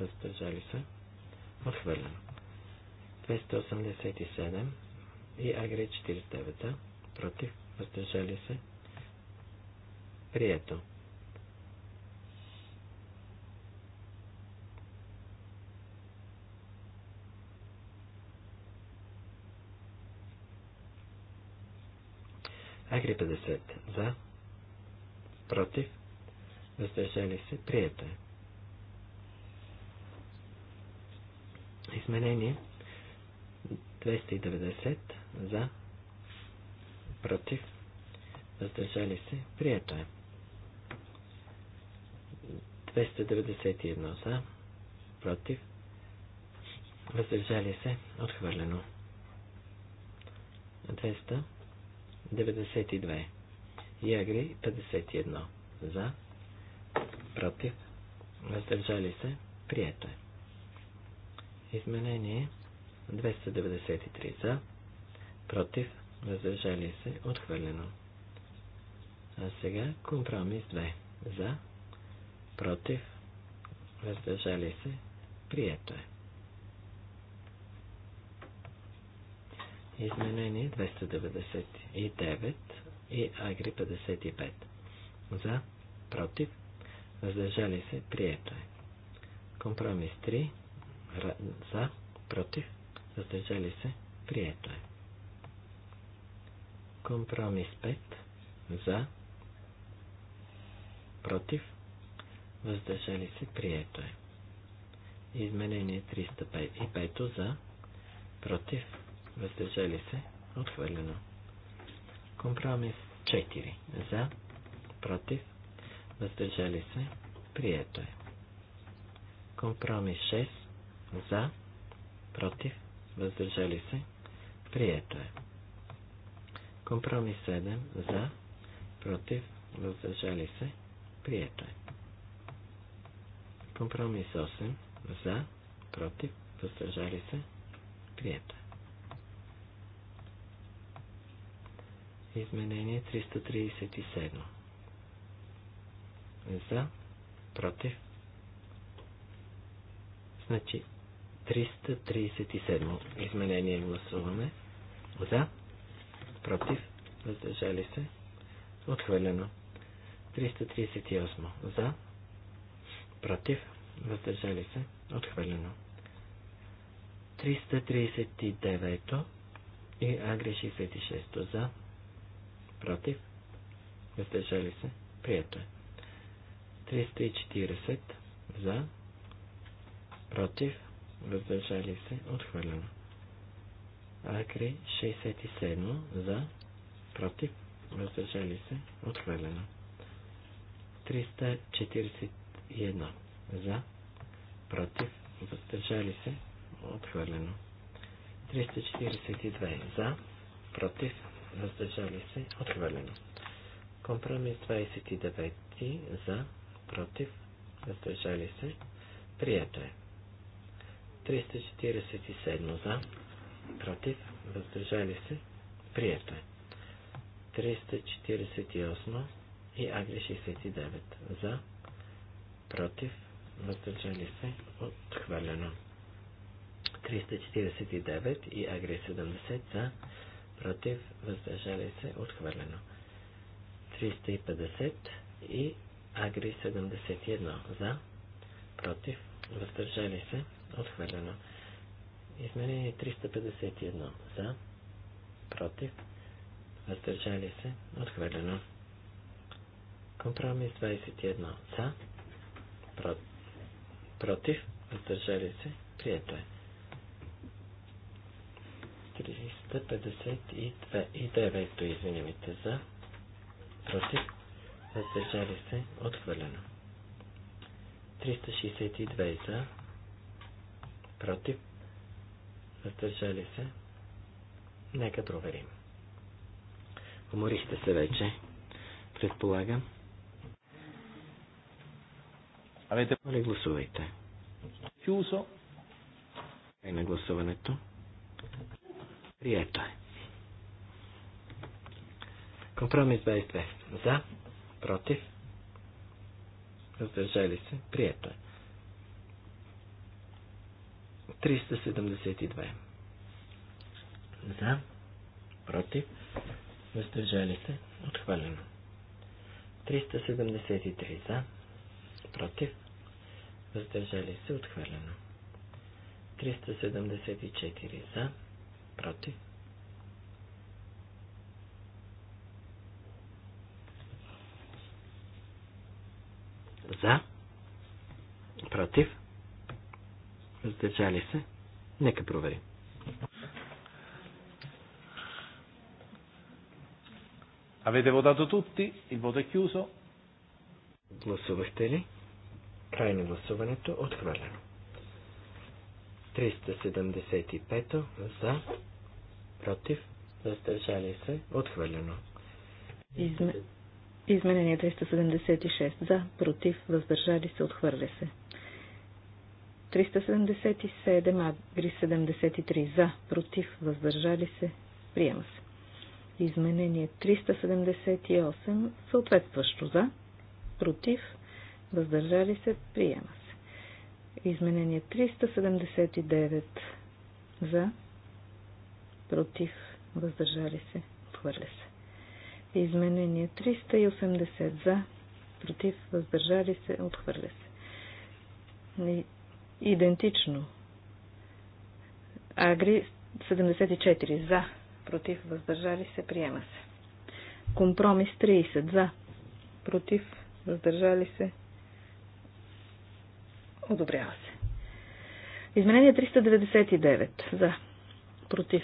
въздържали се, отхвърлено. 287 и Агри 49 против, въздържали се, прието. Агри 50 за, против, въздържали се, прието е. изменение 290 за, против, въздържали се, прието е. 291 за, против, въздържали се, отхвърлено. 292 Ягри 51 за, против, въздържали се, прието е. Изменение 293 за, против, въздържали се, отхвърлено. А сега компромис 2 за, против, въздържали се, прието е. Изменение 299 и Агри 55. За, против, въздържали се, прието е. Компромис 3 за, против, въздържали се, прието е. Компромис 5. За, против, въздържали се, прието е. Изменение 305 за, против, въздържали се, отхвърлено. Компромис 4 за, против, въздържали се, прието е. Компромис 6 за. Против. Въздържали се. Прието е. Компромис 7. За. Против. Въздържали се. Прието е. Компромис 8. За. Против. Въздържали се. Прието е. Изменение 337. За. Против. Значи 337 изменение гласуваме. За. Против. Въздържали се. Отхвърлено. 338. За. Против. Въздържали се. Отхвърлено. 339 и Агри 66 за. Против. Въздържали се. Прието е. 340 за. Против въздържали се, отхвърлено. Акри 67 за, против, въздържали се, отхвърлено. 341 за, против, въздържали се, отхвърлено. 342 за, против, въздържали се, отхвърлено. Компромис 29 за, против, въздържали се, прието е. 347 за, против, въздържали се, прието е. 348 и Агри 69 за, против, въздържали се, отхвърлено. 349 и Агри 70 за, против, въздържали се, отхвърлено. 350 и Агри 71 за, против, въздържали се, Отхвърлено. Изменение 351. За. Против. Въздържали се. Отхвърлено. Компромис 21. За. Про... Против. Въздържали се. Прието е. 352 и 9 извинявайте за. Против. Въздържали се. Отхвърлено. 362 за против, въздържали се. Нека проверим. Уморихте се вече, предполагам. Абе, да моля гласувайте. Фюсо. Е на гласуването. Прието е. Компромис 22. За, против, въздържали се, прието е. 372. За, против, въздържали се, отхвърлено. 373 за, против, въздържали се, отхвърлено. 374 за, против. За, против, Въздържали се? Нека проверим. Avete votato tutti? Il voto è chiuso. Гласувахте ли? Край на гласуването отхвърлено. 375 за, против, въздържали се, отхвърлено. Изме... Изменение 376 за, против, въздържали се, отхвърля се. 377, Агри 73 за, против, въздържали се, приема се. Изменение 378, съответстващо за, против, въздържали се, приема се. Изменение 379 за, против, въздържали се, хвърля се. Изменение 380 за, против, въздържали се, отхвърля се. Идентично. Агри 74. За. Против. Въздържали се. Приема се. Компромис 30. За. Против. Въздържали се. Одобрява се. Изменение 399. За. Против.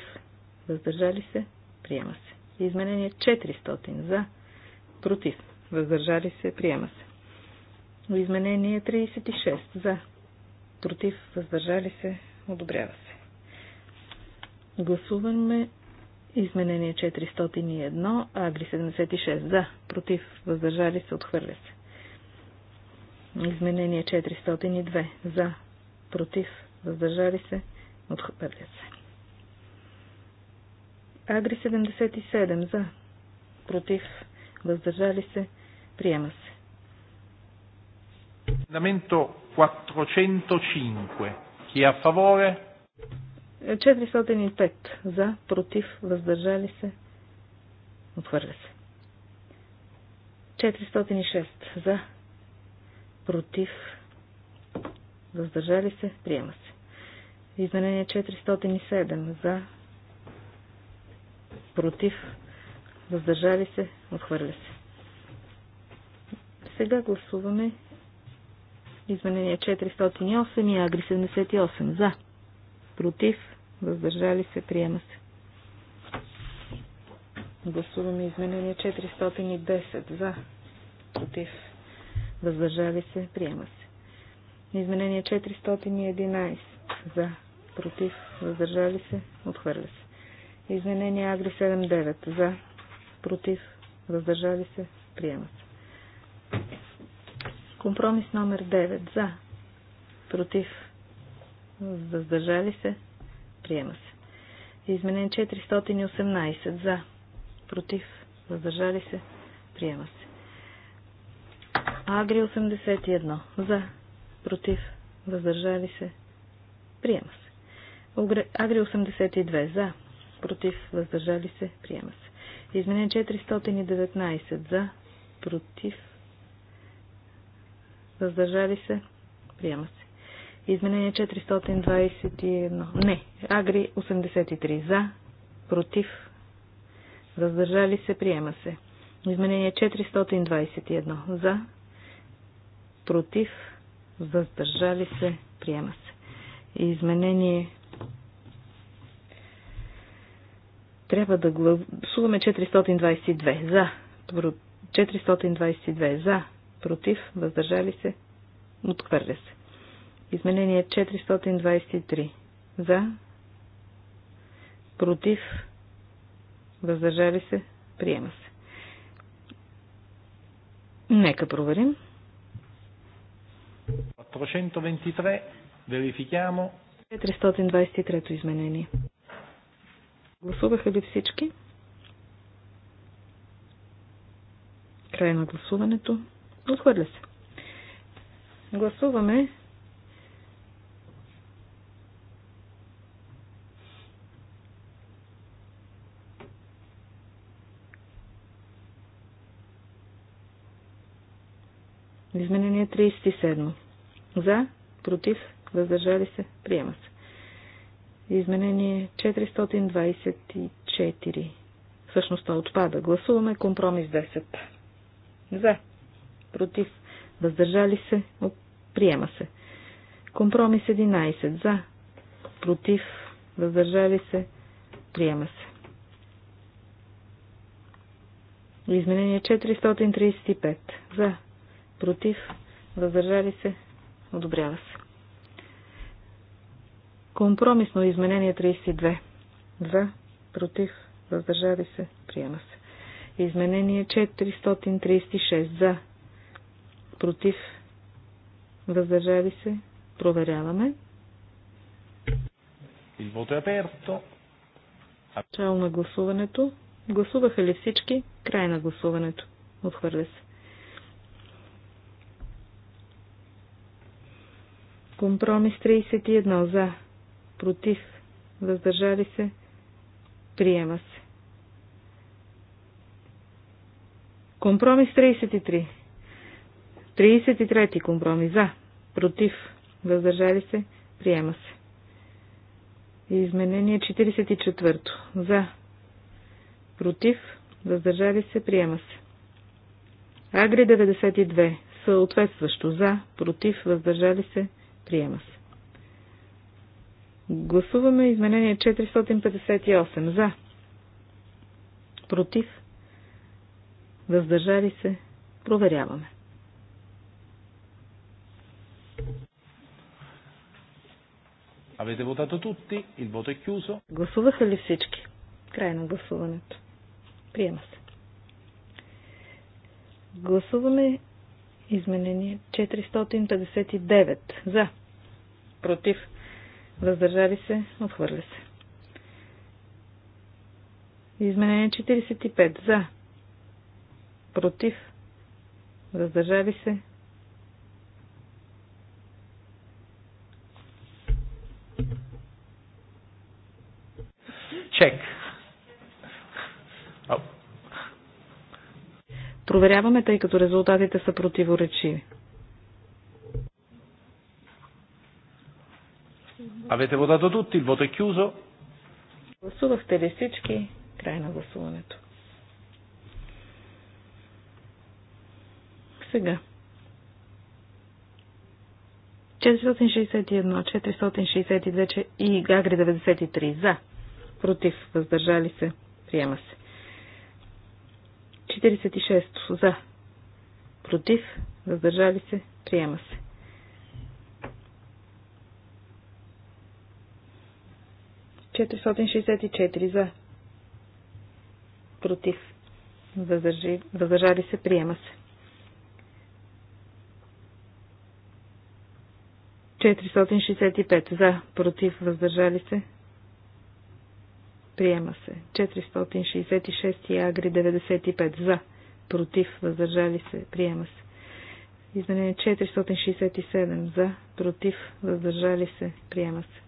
Въздържали се. Приема се. Изменение 400. За. Против. Въздържали се. Приема се. Изменение 36. За против, въздържали се, одобрява се. Гласуваме изменение 401, агри 76 за, против, въздържали се, отхвърля се. Изменение 402 за, против, въздържали се, отхвърля се. Агри 77 за, против, въздържали се, приема се. Emendamento 405. Chi е фаворе? 405. За, против, въздържали се. Отхвърля се. 406. За, против, въздържали се. Приема се. Изменение 407. За, против, въздържали се. Отхвърля се. Сега гласуваме Изменение 408 и Агри 78. За. Против. Въздържали се. Приема се. Гласуваме изменение 410. За. Против. Въздържали се. Приема се. Изменение 411. За. Против. Въздържали се. Отхвърля се. Изменение Агри 79. За. Против. Въздържали се. Приема се. Компромис номер 9. За. Против. Въздържали се. Приема се. Изменен 418. За. Против. Въздържали се. Приема се. Агри 81. За. Против. Въздържали се. Приема се. Агри 82. За. Против. Въздържали се. Приема се. Изменен 419. За. Против. Въздържали се? Приема се. Изменение 421. Не. Агри 83. За. Против. Въздържали се. Приема се. Изменение 421. За. Против. Въздържали се. Приема се. Изменение. Трябва да гласуваме 422. За. 422. За против, въздържали се, отхвърля се. Изменение 423. За, против, въздържали се, приема се. Нека проверим. 423. Верификамо. 423-то изменение. Гласуваха ли всички? Край на гласуването. Отхвърля се. Гласуваме Изменение 37. За, против, въздържали се, приема се. Изменение 424. Всъщност това отпада. Гласуваме компромис 10. За, против, въздържали се, приема се. Компромис 11 за, против, въздържали се, приема се. Изменение 435 за, против, въздържали се, одобрява се. Компромисно изменение 32 за, против, въздържали се, приема се. Изменение 436 за, против, въздържали се, проверяваме. Il voto е aperto. Начало на гласуването. Гласуваха ли всички? Край на гласуването. Отхвърля се. Компромис 31 за, против, въздържали се, приема се. Компромис 33 33 компромис за, против, въздържали се, приема се. Изменение 44 за, против, въздържали се, приема се. Агри 92 съответстващо за, против, въздържали се, приема се. Гласуваме изменение 458 за, против, въздържали се, проверяваме. Avete votato tutti? Il voto è chiuso. Гласуваха ли всички? Крайно гласуването. Приема се. Гласуваме изменение 459. За. Против. Въздържали се. Отхвърля се. Изменение 45. За. Против. Въздържали се. Чек. Проверяваме, тъй като резултатите са противоречиви. Авете вода до il voto е chiuso. Гласувахте ли всички? Край на гласуването. Сега 461, 462 и Гагри 93 за. Против. Въздържали се. Приема се. 46 за. Против. Въздържали се. Приема се. 464 за. Против. Въздържали се. Приема се. 465 за, против, въздържали се. Приема се. 466 и Агри 95 за, против, въздържали се. Приема се. Изменение 467 за, против, въздържали се. Приема се.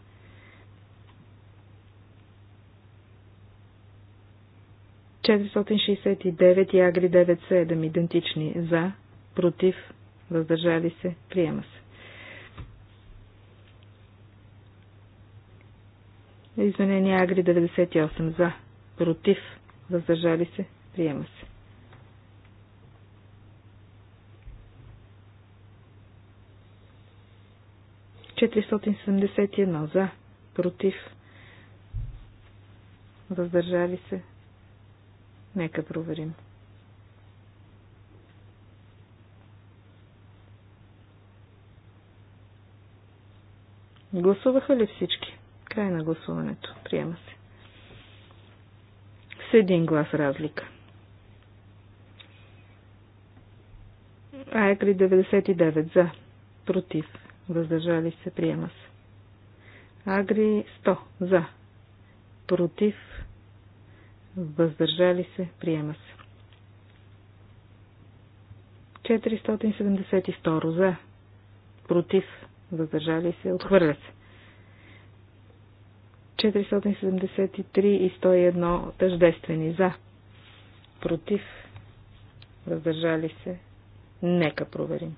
Четиристотин и Агри 97 идентични за, против, въздържали се, приема се. Изменение Агри 98 за. Против. Въздържали се. Приема се. Четиристотин за. Против. Въздържали се. Нека проверим. Гласуваха ли всички? Край на гласуването. Приема се. С един глас разлика. Айкри 99 за. Против. Въздържали се. Приема се. Агри 100 за. Против. Въздържали се. Приема се. 472 за. Против. Въздържали се. Отхвърля се. 473 и 101 тъждествени за. Против. Въздържали се. Нека проверим.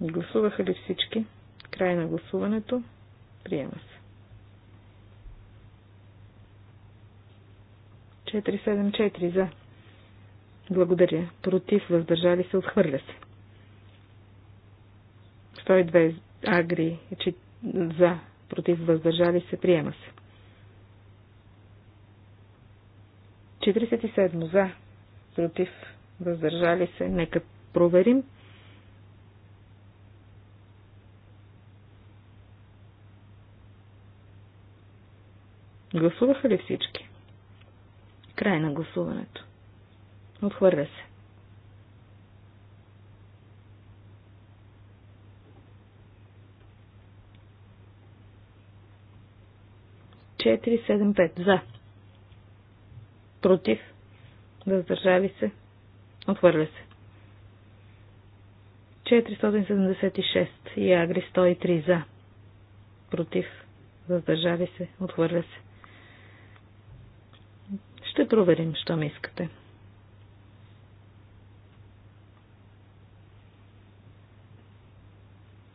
Гласуваха ли всички? Край на гласуването. Приема се. 474 за. Благодаря. Против. Въздържали се. Отхвърля се. 102 агри че за, против, въздържали се, приема се. 47 за, против, въздържали се, нека проверим. Гласуваха ли всички? Край на гласуването. Отхвърля се. 475 за. Против. Въздържали се. Отхвърля се. 476 Ягри 103 за. Против. Въздържали се. Отхвърля се. Ще проверим, що ми искате.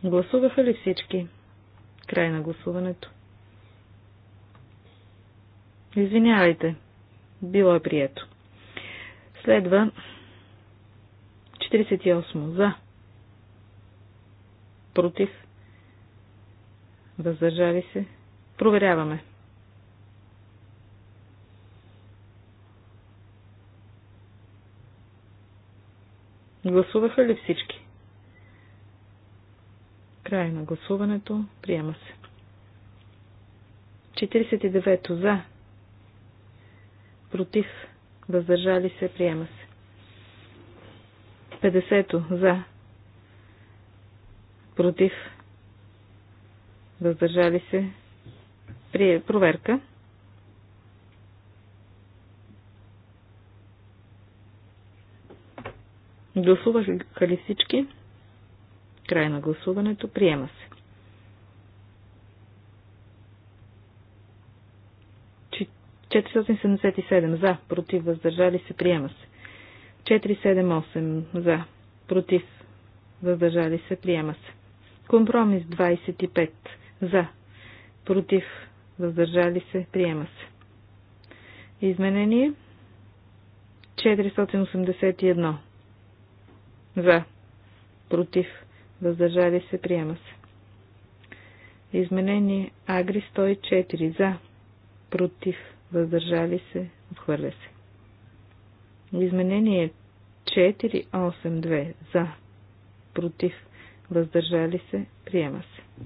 Гласуваха ли всички? Край на гласуването. Извинявайте. Било е прието. Следва 48. За. Против. Въздържали се. Проверяваме. Гласуваха ли всички? Край на гласуването. Приема се. 49 за, против, въздържали се, приема се. 50 за, против, въздържали се, при проверка. Гласуваха ли всички? Край на гласуването. Приема се. 477 за, против, въздържали се, приема се. 478 за, против, въздържали се, приема се. Компромис 25 за, против, въздържали се, приема се. Изменение 481 за, против, въздържали се, приема се. Изменение Агри 104 за, против, въздържали се, отхвърля се. Изменение 482 за, против, въздържали се, приема се.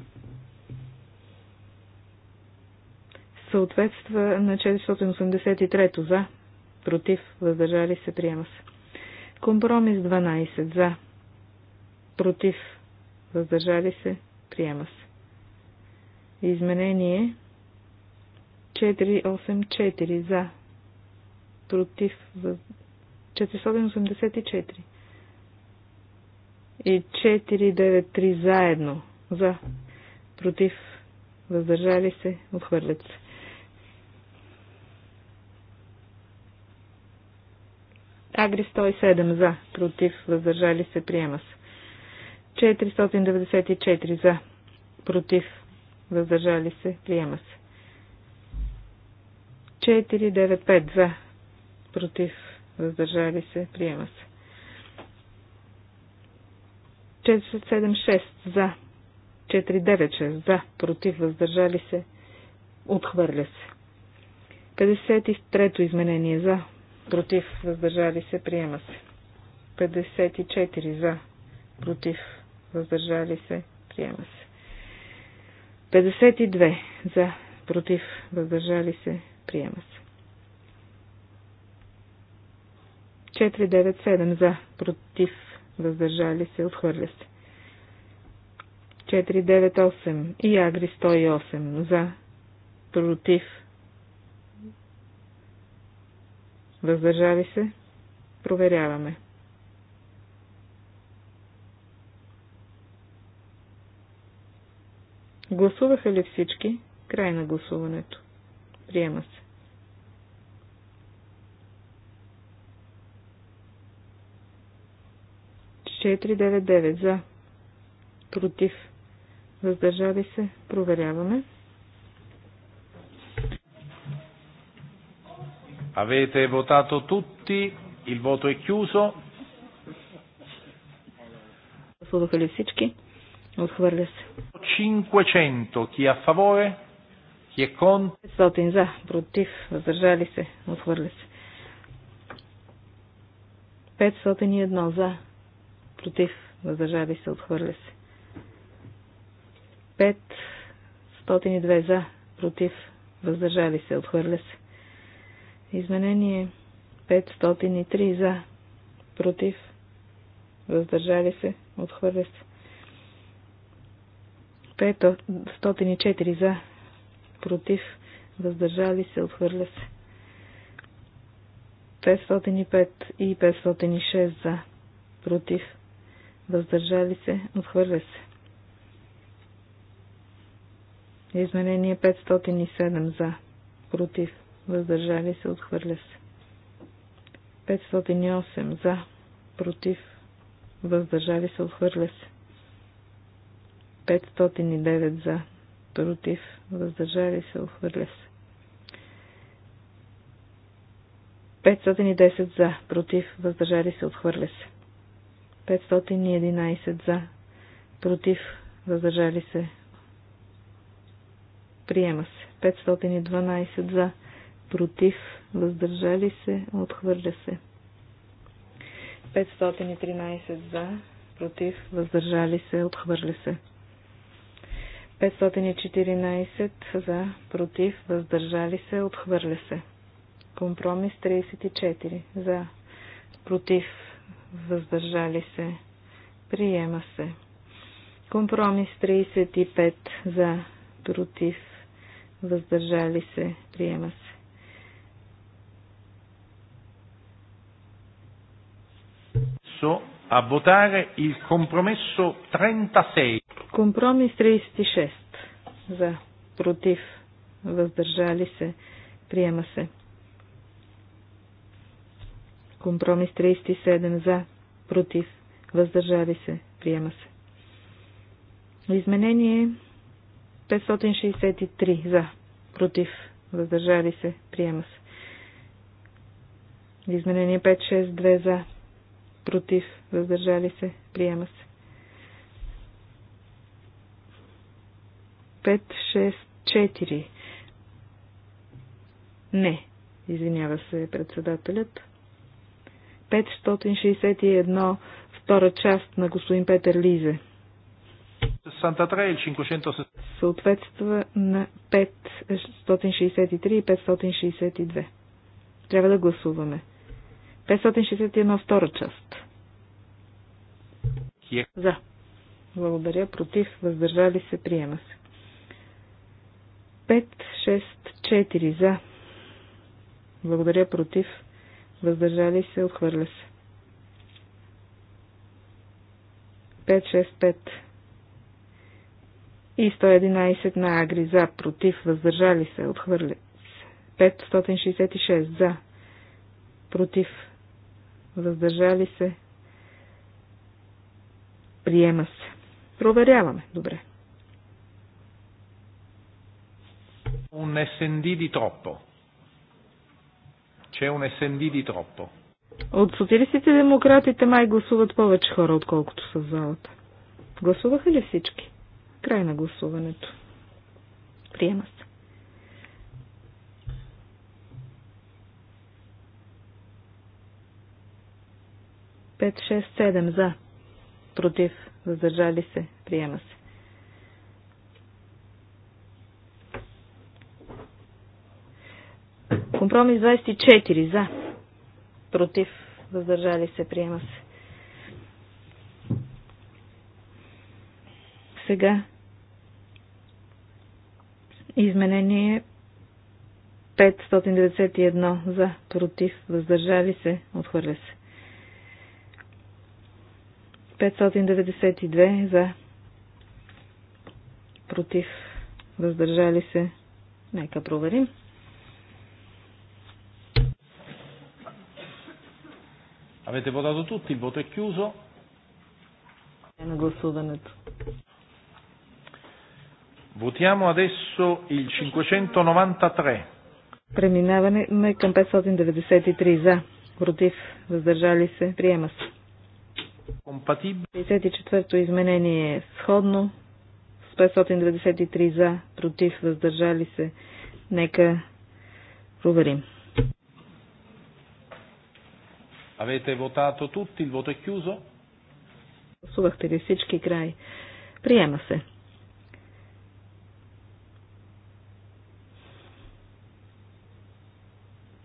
Съответства на 483 за, против, въздържали се, приема се. Компромис 12 за, против, въздържали се, приема се. Изменение 484 за. Против. 484. И 493 заедно. За. Против. Въздържали се. Отхвърлят се. Агри 107 за. Против. Въздържали се. Приема се. 494 за. Против. Въздържали се. Приема се. 495 за, против, въздържали се, приема се. 476 за, 496 за, против, въздържали се, отхвърля се. 53-то изменение за, против, въздържали се, приема се. 54 за, против, въздържали се, приема се. 52 за, против, въздържали се, Приема се. 497 за, против, въздържали се, отхвърля се. 498 и Агри 108 за, против, въздържали се, проверяваме. Гласуваха ли всички? Край на гласуването. Приема се. 499 за. Против. Въздържали се. Проверяваме. Avete votato tutti, il voto è chiuso. Гласуваха ли всички? Отхвърля се. 500. Chi è a favore? Chi è contro? 500 за, против, въздържали се, отхвърля се. 501 за, против, въздържали се, отхвърля се. 502 за, против, въздържали се, отхвърля се. Изменение 503 за, против, въздържали се, отхвърля се. 504 за, против, въздържали се, отхвърля се. 505 и 506 за, против, въздържали се, отхвърля се. Изменение 507 за, против, въздържали се, отхвърля се. 508 за, против, въздържали се, отхвърля се. 509 за, против, въздържали се, отхвърля се. 510 за, против, въздържали се, отхвърля се. 511 за, против, въздържали се, приема се. 512 за, против, въздържали се, отхвърля се. 513 за, против, въздържали се, отхвърля се. 514 за, против, въздържали се, отхвърля се. Компромис 34 за, против, въздържали се, приема се. Компромис 35 за, против, въздържали се, приема се. A votare il compromesso 36. Компромис 36. За, против, въздържали се, приема се. Компромис 37 за, против, въздържали се, приема се. Изменение 563 за, против, въздържали се, приема се. Изменение 562 за, против, въздържали се, приема се. 564 Не, извинява се председателят. 561 втора част на господин Петър Лизе. Е Съответства на 563 и 562. Трябва да гласуваме. 561 втора част. За. Благодаря. Против. Въздържали се. Приема се. 5, 6, 4 за. Благодаря. Против въздържали се, отхвърля се. 565 и 111 на Агри за, против, въздържали се, отхвърля се. 566 за, против, въздържали се, приема се. Проверяваме, добре. Un SND di troppo. Че е SND di troppo. От социалистите демократите май гласуват повече хора, отколкото са в залата. Гласуваха ли всички? Край на гласуването. Приема се. Пет, шест, седем за. Против. Въздържали се. Приема се. Компромис 24 за. Против. Въздържали се. Приема се. Сега изменение 591 за. Против. Въздържали се. Отхвърля се. 592 за. Против. Въздържали се. Нека проверим. Avete votato tutti, il voto è chiuso. Votiamo adesso il 593. Преминаваме към 593 за, против, въздържали се, приема се. 54-то изменение е сходно с 593 за, против, въздържали се. Нека проверим. Avete votato tutti? Il voto è chiuso? Гласувахте ли всички край? Приема се.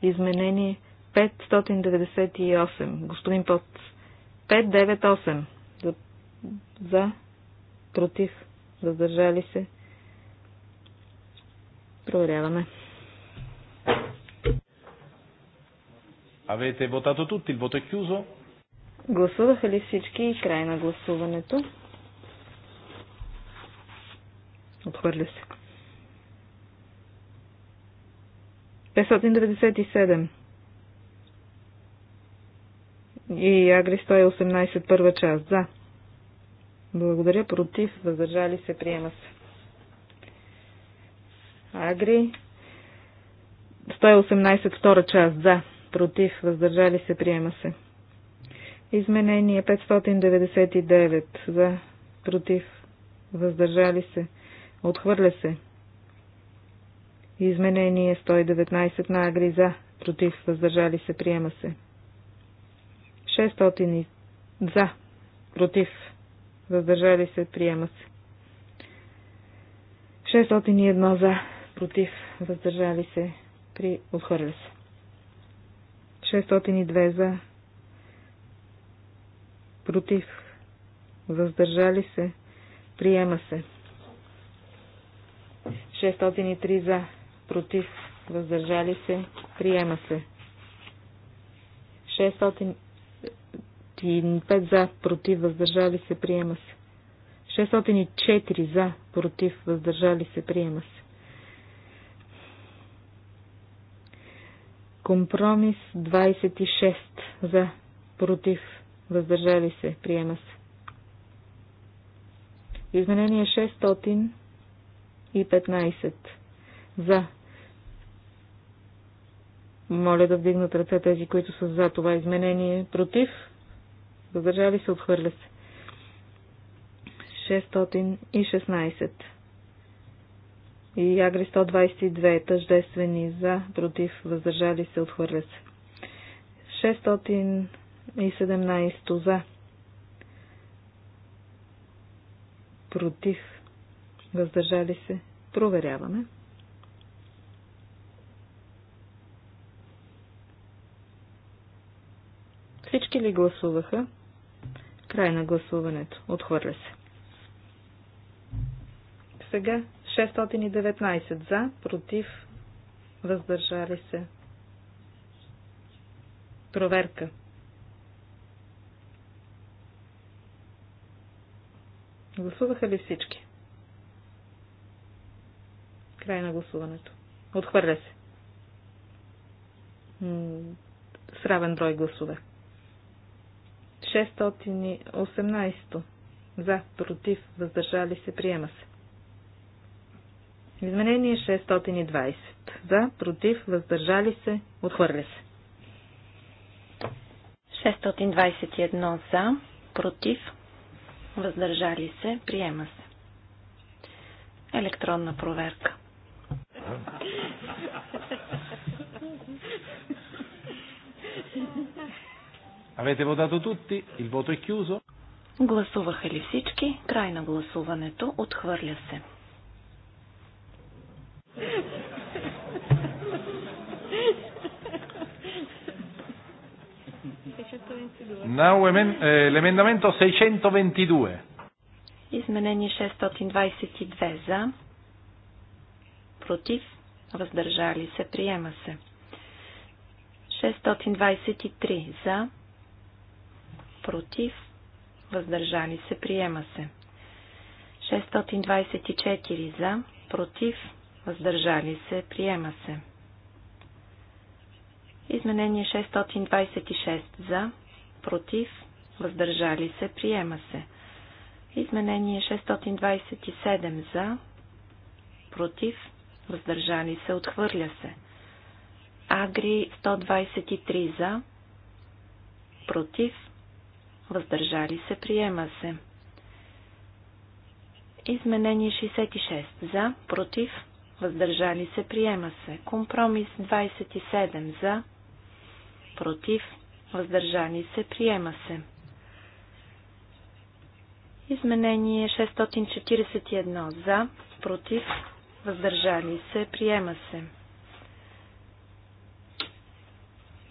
Изменение 598. Господин Пот. 598. За, за против. задържали се. Проверяваме. Avete votato tutti, il voto è chiuso. Гласуваха ли всички и край на гласуването? Отхвърля се. 597 и Агри 118 първа част. За. Благодаря. Против. Въздържали се. Приема се. Агри 118 втора част. За против, въздържали се, приема се. Изменение 599 за, против, въздържали се, отхвърля се. Изменение 119 на Агри за, против, въздържали се, приема се. 600 за, против, въздържали се, приема се. 601 за, против, въздържали се, при отхвърля се. 602 за. Против. Въздържали се. Приема се. 603 за. Против. Въздържали се. Приема се. 605 за. Против. Въздържали се. Приема се. 604 за. Против. Въздържали се. Приема се. Компромис 26 за, против, въздържали се, приема се. Изменение 615 за. Моля да вдигнат ръце тези, които са за това изменение. Против, въздържали се, отхвърля се. 616 и Агри 122 тъждествени за, против, въздържали се, отхвърля се. 617 за, против, въздържали се, проверяваме. Всички ли гласуваха? Край на гласуването. Отхвърля се. Сега 619 за, против, въздържали се. Проверка. Гласуваха ли всички? Край на гласуването. Отхвърля се. Сравен брой гласове. 618 за, против, въздържали се, приема се. Изменение 620. За, против, въздържали се, отхвърля се. 621 за, против, въздържали се, приема се. Електронна проверка. Avete votato tutti? Il voto è chiuso? Гласуваха ли всички? Край на гласуването. Отхвърля се. Now, l'emendamento 622. Изменение 622 за. Против. Въздържали се. Приема се. 623 за. Против. Въздържали се. Приема се. 624 за. Против. Въздържали се. Приема се. Изменение 626 за, против, въздържали се, приема се. Изменение 627 за, против, въздържали се, отхвърля се. Агри 123 за, против, въздържали се, приема се. Изменение 66 за, против, въздържали се, приема се. Компромис 27 за, против, въздържани се, приема се. Изменение 641 за, против, въздържани се, приема се.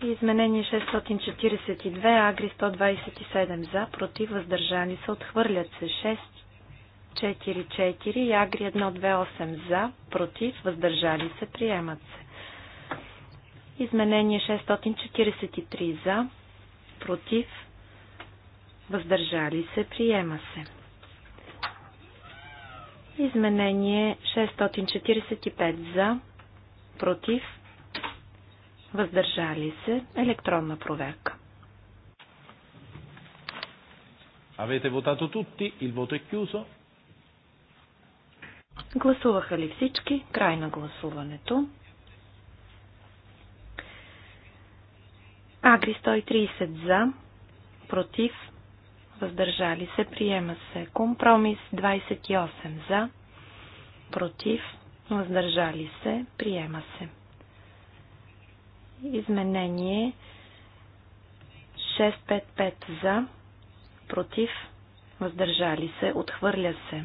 Изменение 642, Агри 127 за, против, въздържани се, отхвърлят се 6, 4, 4 и Агри 128 за, против, въздържали се, приемат се. Изменение 643 за, против, въздържали се, приема се. Изменение 645 за, против, въздържали се, електронна проверка. Avete votato tutti, il voto è chiuso. Гласуваха ли всички? Край на гласуването. Агри 130 за, против, въздържали се, приема се. Компромис 28 за, против, въздържали се, приема се. Изменение 655 за, против, въздържали се, отхвърля се.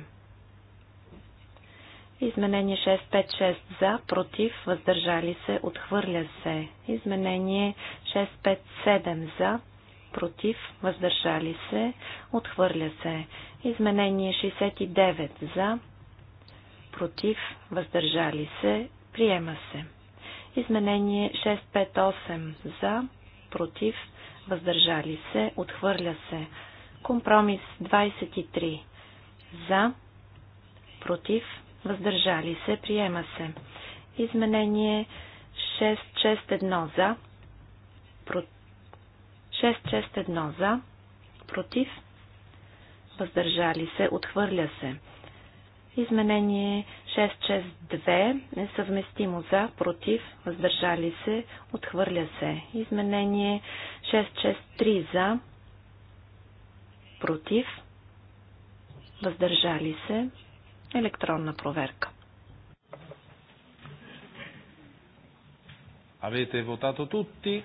Изменение 656 за, против, въздържали се, отхвърля се. Изменение 657 за, против, въздържали се, отхвърля се. Изменение 69 за, против, въздържали се, приема се. Изменение 658 за, против, въздържали се, отхвърля се. Компромис 23 за, против, въздържали се, приема се. Изменение 6-6-1 за, про... 6-6-1 за, против, въздържали се, отхвърля се. Изменение 6-6-2 несъвместимо за, против, въздържали се, отхвърля се. Изменение 6-6-3 за, против, въздържали се, електронна проверка. Avete вотато тути.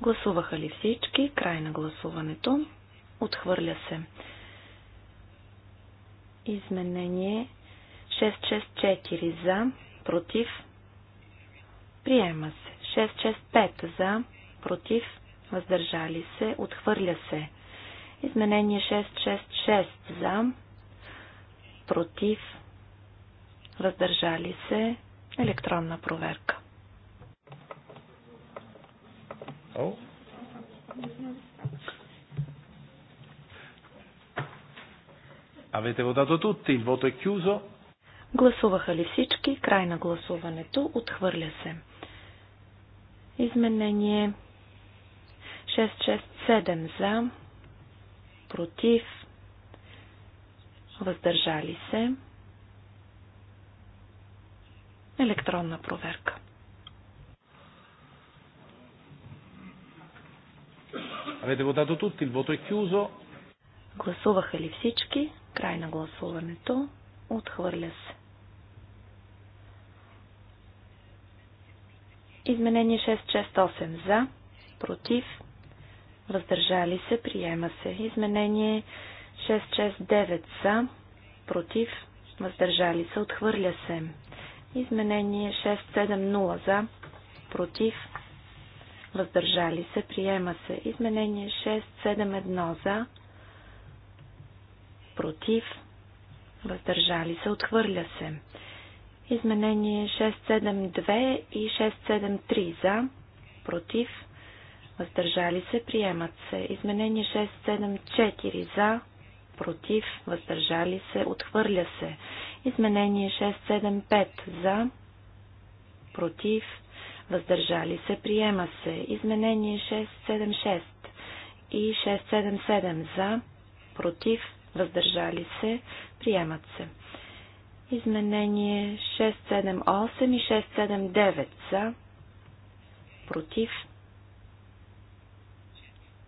Гласуваха ли всички? Край на гласуването. Отхвърля се. Изменение 664 за, против. Приема се. 665 за, против. Въздържали се. Отхвърля се. Изменение 666 за, против, въздържали се, електронна проверка. Oh. Avete votato tutti, il voto è chiuso. Гласуваха ли всички? Край на гласуването. Отхвърля се. Изменение 667 за, против, въздържали се, електронна проверка. Avete votato tutti, il voto è chiuso. Гласуваха ли всички? Край на гласуването. Отхвърля се. Изменение 668 за, против, въздържали се, приема се. Изменение 669 са, против, въздържали се, отхвърля се. Изменение 670 за, против, въздържали се, приема се. Изменение 671 за, против, въздържали се, отхвърля се. Изменение 672 и 673 за, против, въздържали се, приемат се. Изменение 674 за, против, въздържали се, отхвърля се. Изменение 675 за, против, въздържали се, приема се. Изменение 676 и 677 за, против, въздържали се, приемат се. Изменение 678 и 679 за, против,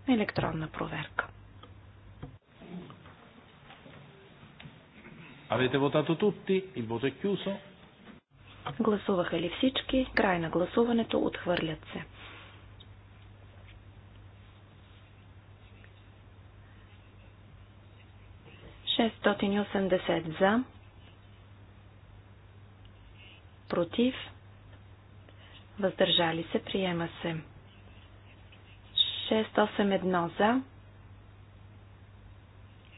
електронна проверка. Avete votato tutti? Il voto è chiuso. Гласуваха ли всички? Край на гласуването отхвърлят се. Шестстотин за. Против. Въздържали се. Приема се. 681 за.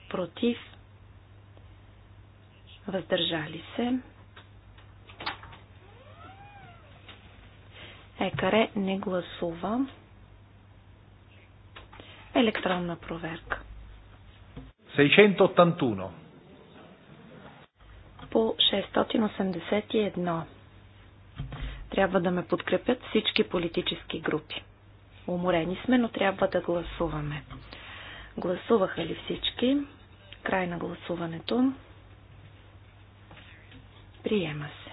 Против въздържали се. Екаре не гласува. Електронна проверка. 681. По 681. Трябва да ме подкрепят всички политически групи. Уморени сме, но трябва да гласуваме. Гласуваха ли всички? Край на гласуването. Приема се.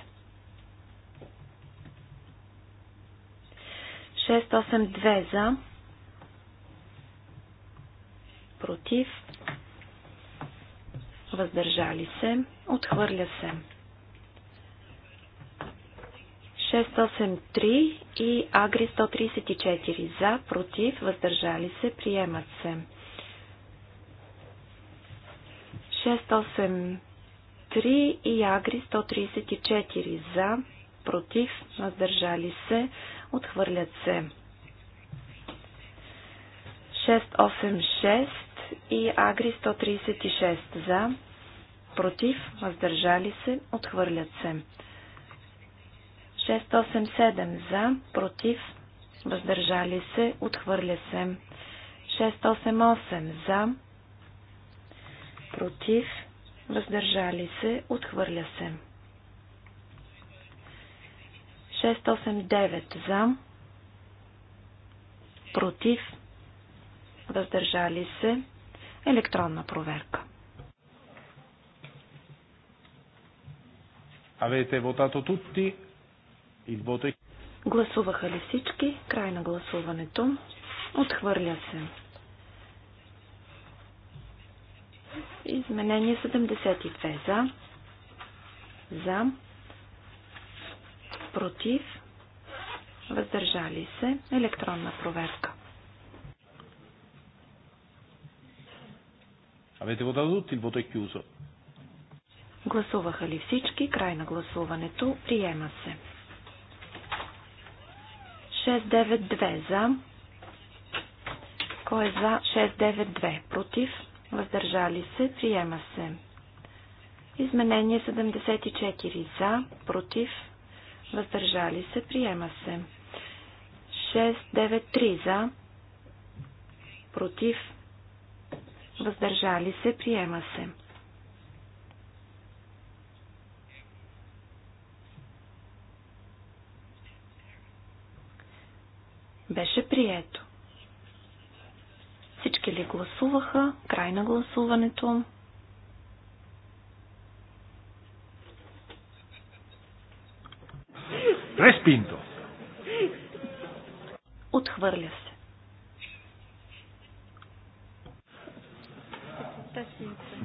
682 за. Против. Въздържали се. Отхвърля се. 683 и Агри 134 за, против, въздържали се, приемат се. 3 и Агри 134 за, против, въздържали се, отхвърлят се. 686 и Агри 136 за, против, въздържали се, отхвърлят се. 687 за, против, въздържали се, отхвърля се. 688 за, против, въздържали се, отхвърля се. 689 за, против, въздържали се, електронна проверка. Авете вотато тутти, и voto è... Гласуваха ли всички? Край на гласуването. Отхвърля се. Изменение 72 за. За. Против. Въздържали се. Електронна проверка. Avete votato tutti, il voto è chiuso. Гласуваха ли всички? Край на гласуването. Приема се. 692 за. Кой е за 692? Против? въздържали се, приема се. Изменение 74 за, против, въздържали се, приема се. 693 за, против, въздържали се, приема се. Беше прието. Всички ли гласуваха? Край на гласуването. Респинто. Отхвърля се.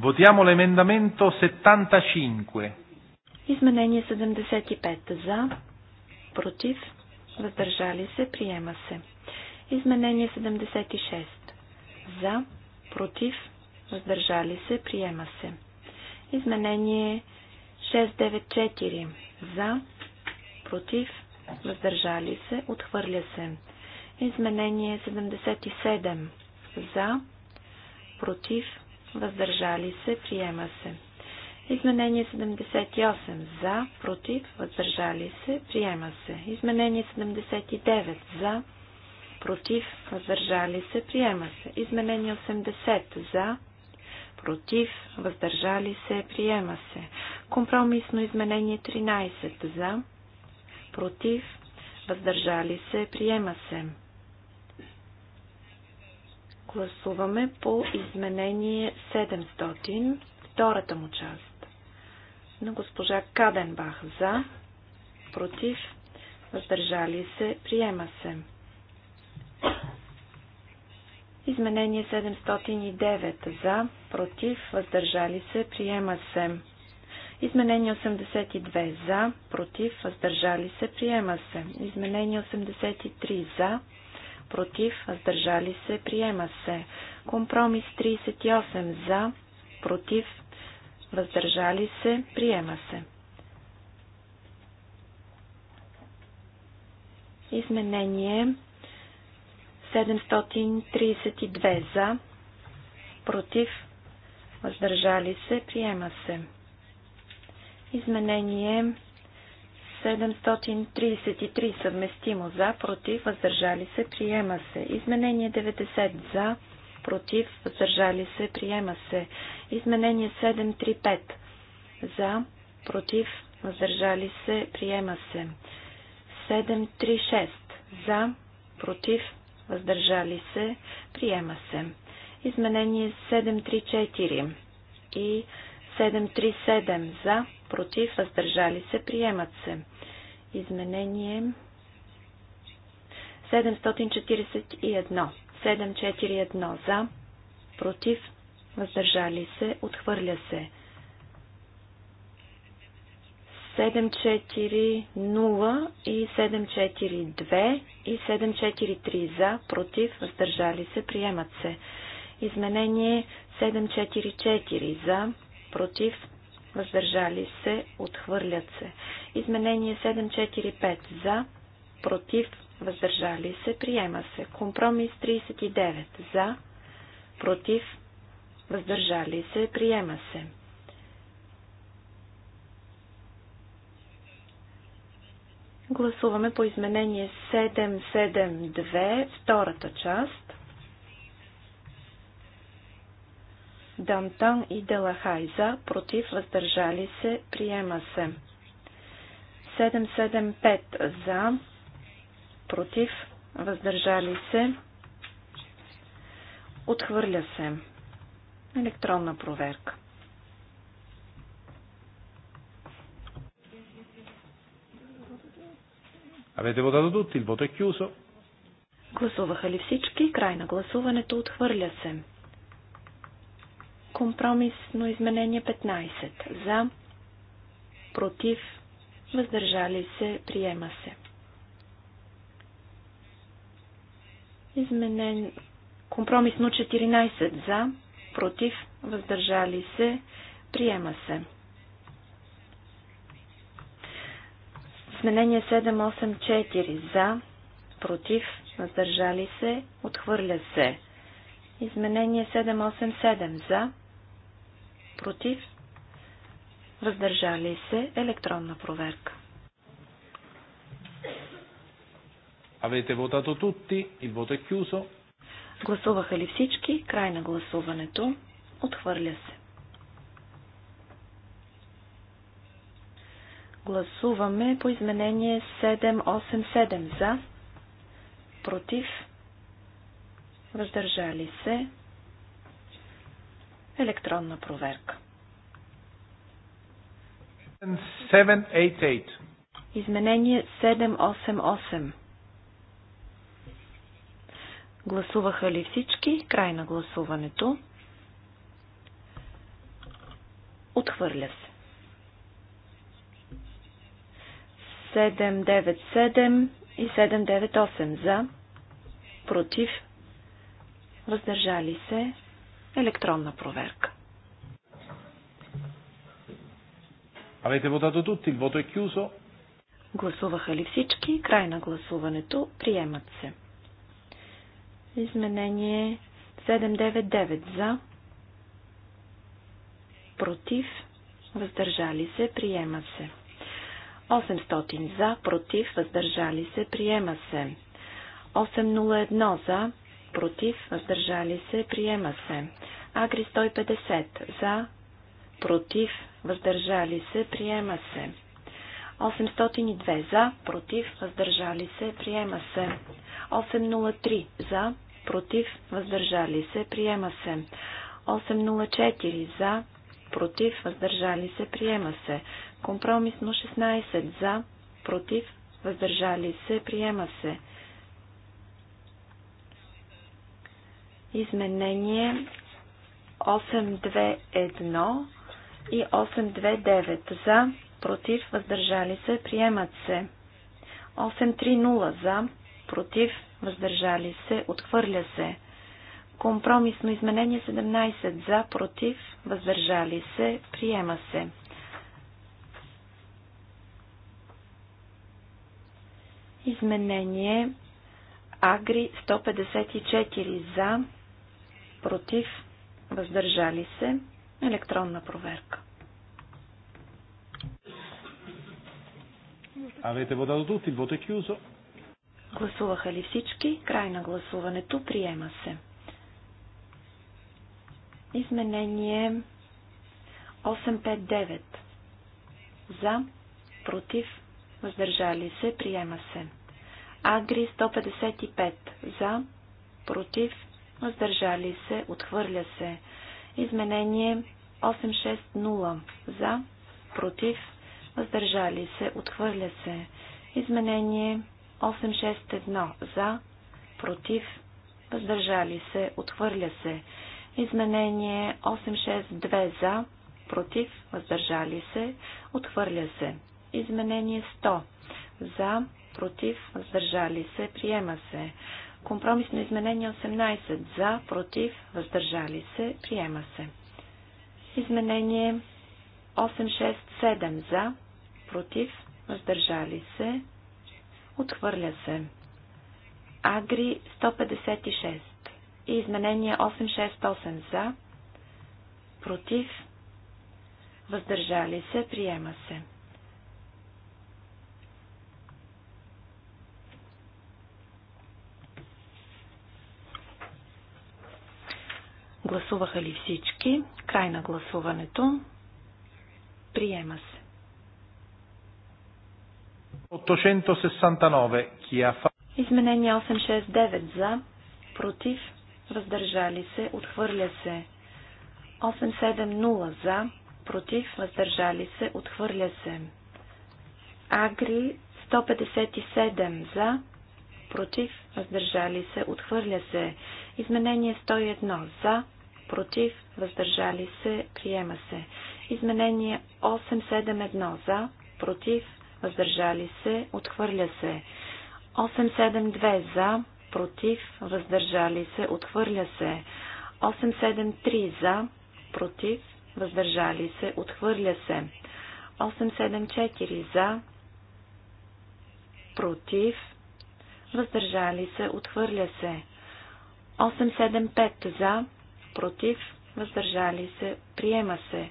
Votiamo l'emendamento 75. Изменение 75 за, против, въздържали се, приема се. Изменение 76 за, против, въздържали се, приема се. Изменение 694. За, против, въздържали се, отхвърля се. Изменение 77. За, против, въздържали се, приема се. Изменение 78. За, против, въздържали се, приема се. Изменение 79. За, против, въздържали се, приема се. Изменение 80 за, против, въздържали се, приема се. Компромисно изменение 13 за, против, въздържали се, приема се. Гласуваме по изменение 700, втората му част. На госпожа Каденбах за, против, въздържали се, приема се. Изменение 709 за, против, въздържали се, приема се. Изменение 82 за, против, въздържали се, приема се. Изменение 83 за, против, въздържали се, приема се. Компромис 38 за, против, въздържали се, приема се. Изменение 732 за, против, въздържали се, приема се. Изменение 733 съвместимо за, против, въздържали се, приема се. Изменение 90 за, против, въздържали се, приема се. Изменение 735 за, против, въздържали се, приема се. 736 за, против, въздържали се, приема се. Изменение 734 и 737 за, против, въздържали се, приемат се. Изменение 741. 741 за, против, въздържали се, отхвърля се. 740 и 742 и 743 за, против, въздържали се, приемат се. Изменение 744 за, против, въздържали се, отхвърлят се. Изменение 745 за, против, въздържали се, приема се. Компромис 39 за, против, въздържали се, приема се. Гласуваме по изменение 772, втората част. Дантан и Делахай за, против, въздържали се, приема се. 775 за, против, въздържали се, отхвърля се. Електронна проверка. Avete votato tutti, il voto è chiuso. Гласуваха ли всички? Край на гласуването отхвърля се. Компромисно изменение 15. За, против, въздържали се, приема се. Изменен компромисно 14 за, против, въздържали се, приема се. Изменение 784 за, против, въздържали се, отхвърля се. Изменение 787 за, против, въздържали се, електронна проверка. Avete votato tutti, il voto è chiuso. Гласуваха ли всички? Край на гласуването. Отхвърля се. Гласуваме по изменение 787 за, против, въздържали се, електронна проверка. 788. Изменение 788. Гласуваха ли всички? Край на гласуването. Отхвърля се. 797 и 798 за, против, въздържали се, електронна проверка. Avete votato tutti, il voto è chiuso. Гласуваха ли всички? Край на гласуването. Приемат се. Изменение 799 за. Против. Въздържали се. Приема се. 800 за, против, въздържали се, приема се. 801 за, против, въздържали се, приема се. Агри 150 за, против, въздържали се, приема се. 802 за, против, въздържали се, приема се. 803 за, против, въздържали се, приема се. 804 за, против, въздържали се, приема се. Компромисно 16 за, против, въздържали се, приема се. Изменение 821 и 829 за, против, въздържали се, приемат се. 830 за, против, въздържали се, отхвърля се. Компромисно изменение 17 за, против, въздържали се, приема се. Изменение Агри 154 за, против, въздържали се, електронна проверка. Авете вода до il voto е кюзо. Гласуваха ли всички? Край на гласуването приема се. Изменение 859. За, против, въздържали се, приема се. Агри 155 за, против, въздържали се, отхвърля се. Изменение 860 за, против, въздържали се, отхвърля се. Изменение 861 за, против, въздържали се, отхвърля се. Изменение 862 за, против, въздържали се, отхвърля се. Изменение 100 за, против, въздържали се, приема се. Компромисно изменение 18 за, против, въздържали се, приема се. Изменение 867 за, против, въздържали се, отхвърля се. Агри 156 и изменение 868 за, против, въздържали се, приема се. Гласуваха ли всички? Край на гласуването. Приема се. 869. Изменение 869 за, против, въздържали се, отхвърля се. 870 за, против, въздържали се, отхвърля се. Агри 157 за, против, въздържали се, отхвърля се. Изменение 101 за, против, въздържали се, приема се. Изменение 871 за, против, въздържали се, отхвърля се. 872 за, против, въздържали се, отхвърля се. 873 за, против, въздържали се, отхвърля се. 874 за, против, въздържали се, отхвърля се. 875 за, против, въздържали се, приема се.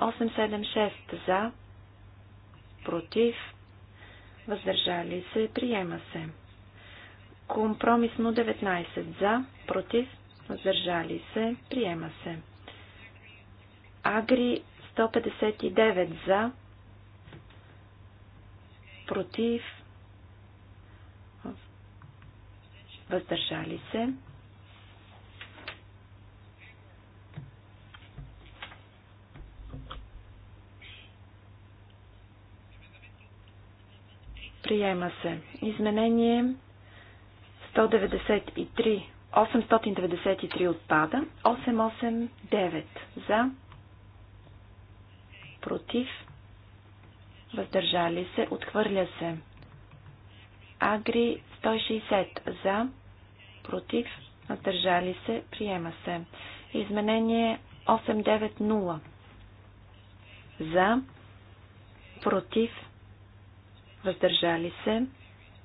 876 за, против, въздържали се, приема се. Компромисно 19 за, против, въздържали се, приема се. Агри 159 за, против, въздържали се, Приема се. Изменение 193. 893 отпада. 889 за. Против. Въздържали се. Отхвърля се. Агри 160 за. Против. Въздържали се. Приема се. Изменение 890 за. Против въздържали се,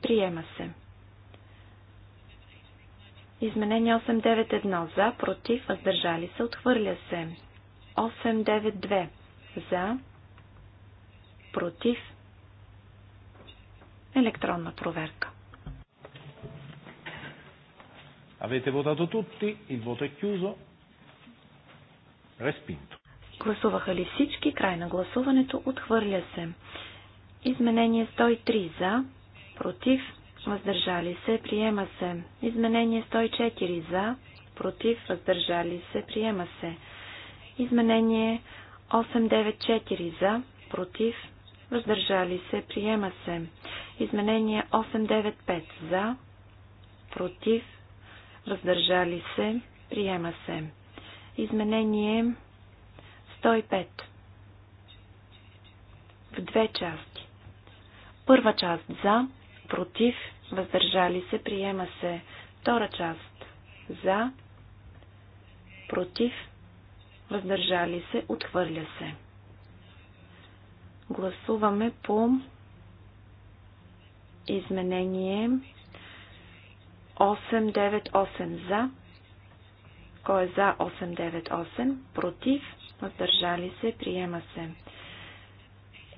приема се. Изменение 891 за, против, въздържали се, отхвърля се. 892 за, против, електронна проверка. Avete votato tutti, il voto è chiuso, respinto. Гласуваха ли всички? Край на гласуването отхвърля се. Изменение 103 за, против, въздържали се, приема се. Изменение 104 за, против, въздържали се, приема се. Изменение 894 за, против, въздържали се, приема се. Изменение 895 за, против, въздържали се, приема се. Изменение 105 в две части. Първа част за, против, въздържали се, приема се. Втора част за, против, въздържали се, отхвърля се. Гласуваме по изменение 898 за. Кой е за 898? Против, въздържали се, приема се.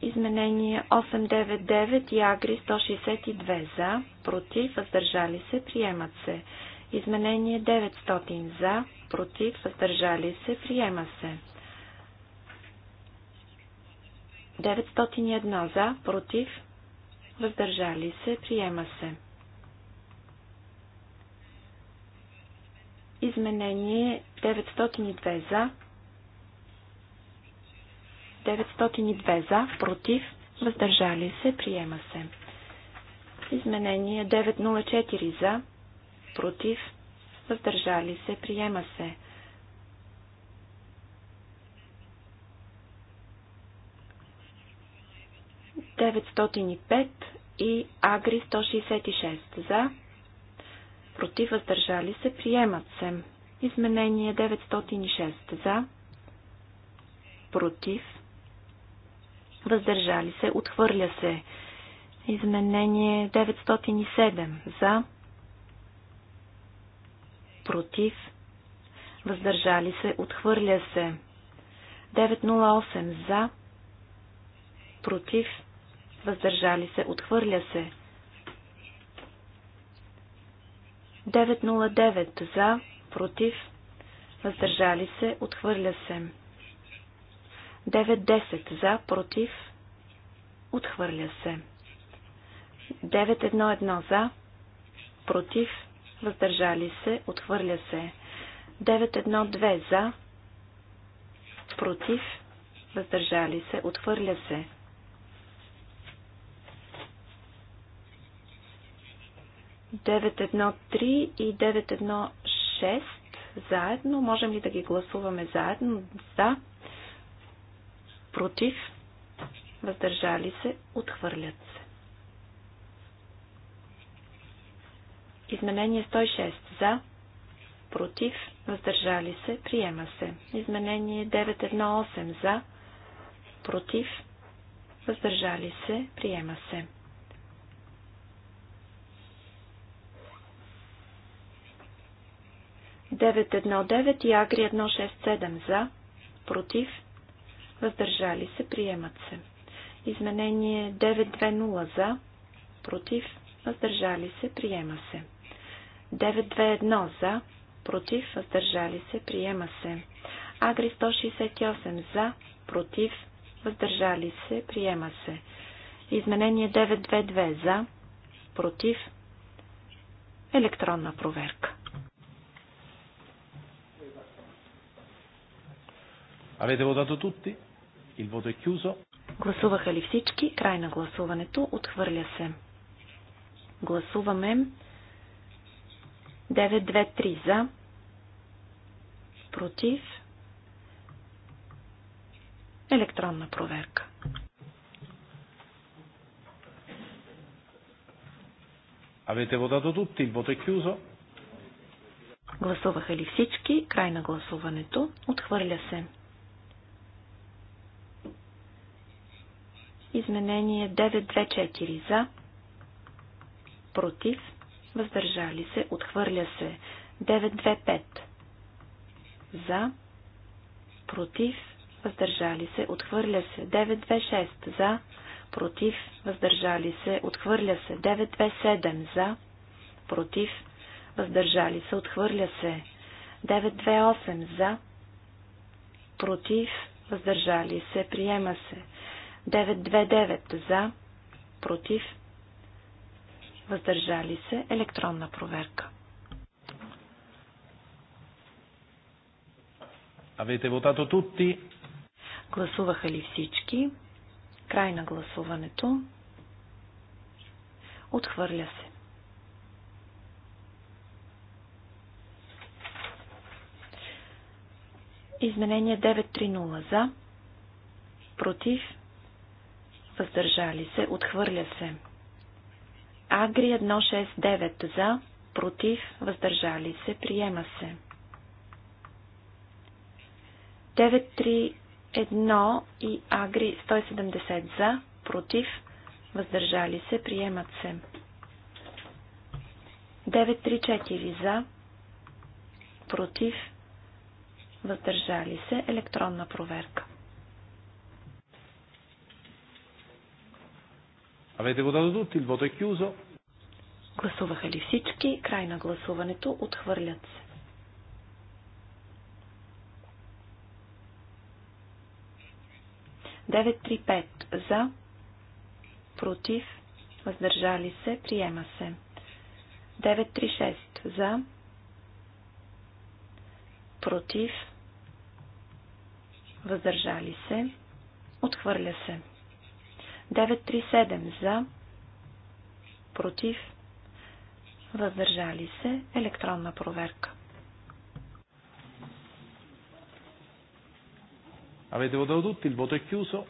Изменение 899 и Агри 162 за, против, въздържали се, приемат се. Изменение 900 за, против, въздържали се, приема се. 901 за, против, въздържали се, приема се. Изменение 902 за, 902 за, против, въздържали се, приема се. Изменение 904 за, против, въздържали се, приема се. Деветстотин и Агри 166 за, против, въздържали се, приемат се. Изменение 906 за, против, въздържали се, отхвърля се. Изменение 907 за, против, въздържали се, отхвърля се. 908 за, против, въздържали се, отхвърля се. 909 за, против, въздържали се, отхвърля се. 9-10 за, против, отхвърля се. 9-1-1 за, против, въздържали се, отхвърля се. 9-1-2 за, против, въздържали се, отхвърля се. 9-1 3 и 9 едно 6 заедно. Можем ли да ги гласуваме заедно? За, против, въздържали се, отхвърлят се. Изменение 106 за, против, въздържали се, приема се. Изменение 918 за, против, въздържали се, приема се. Девет едно девет и Агри едно шест седем за, против, въздържали се, приемат се. Изменение 920 за, против, въздържали се, приема се. 921 за, против, въздържали се, приема се. Агри 168 за, против, въздържали се, приема се. Изменение 922 за, против, електронна проверка. Avete votato tutti? Il voto è chiuso. Гласуваха ли всички? Край на гласуването. Отхвърля се. Гласуваме 923 за. Против. Електронна проверка. Avete votato tutti, il voto è chiuso. Гласуваха ли всички? Край на гласуването. Отхвърля се. изменение 924 за, против, въздържали се, отхвърля се 925 за, против, въздържали се, отхвърля се 926 за, против, въздържали се, отхвърля се 927 за, против, въздържали се, отхвърля се 928 за, против, въздържали се, приема се 929 за, против, въздържали се, електронна проверка. Авете вотато тутти. Гласуваха ли всички? Край на гласуването. Отхвърля се. Изменение 930 за. Против въздържали се, отхвърля се. Агри 169 за, против, въздържали се, приема се. 931 и Агри 170 за, против, въздържали се, приемат се. 934 за, против, въздържали се, електронна проверка. Avete votato tutti, il voto è chiuso. Гласуваха ли всички? Край на гласуването. Отхвърлят се. Девет три пет. За. Против. Въздържали се. Приема се. 936 за, против, въздържали се, отхвърля се. 937 за, против, въздържали се, електронна проверка. Avete votato tutti, il voto è chiuso.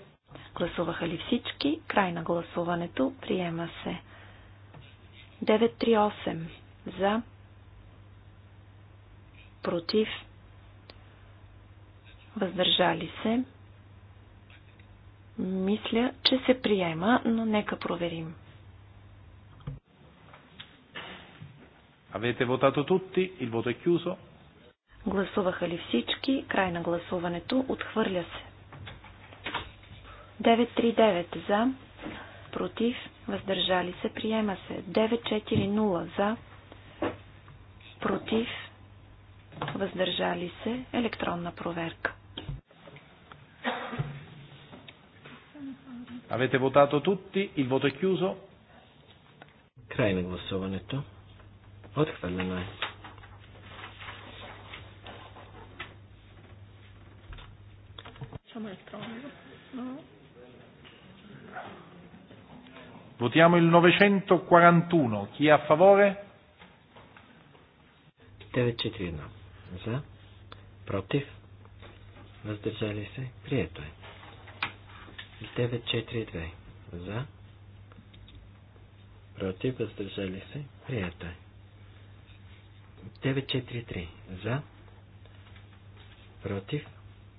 Гласуваха ли всички? Край на гласуването. Приема се. 938 за, против, въздържали се, мисля, че се приема, но нека проверим. Avete votato tutti? Il voto è chiuso. Гласуваха ли всички? Край на гласуването. Отхвърля се. 939 за. Против. Въздържали се. Приема се. 940 за. Против. Въздържали се. Електронна проверка. Avete votato tutti? Il voto è chiuso. Край на гласуването. Отхвърлено е. Votiamo il 941. Chi è a favore? 941. За. Против. Въздържали се. Прието е. 942. За. Против. Въздържали се. прията е. 943. За. Против.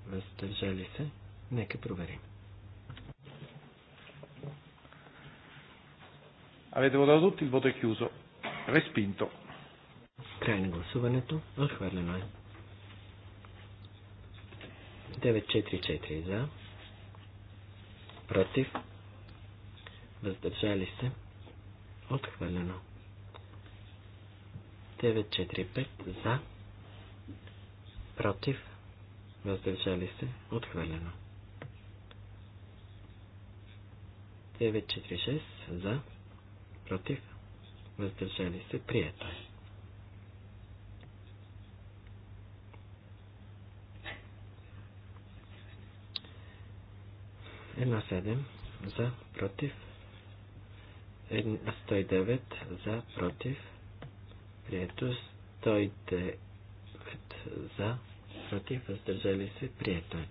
Въздържали се. Нека проверим. Avete votato tutti, il voto è chiuso. Respinto. Край на гласуването. Отхвърлено е. 4, за против, въздържали се, отхвърлено. 945 за, против, въздържали се, отхвърлено. 946 за, против, въздържали се, прието е. Една 7 за против. 109 за против. Прието 109 за против. Въздържали се. Прието е.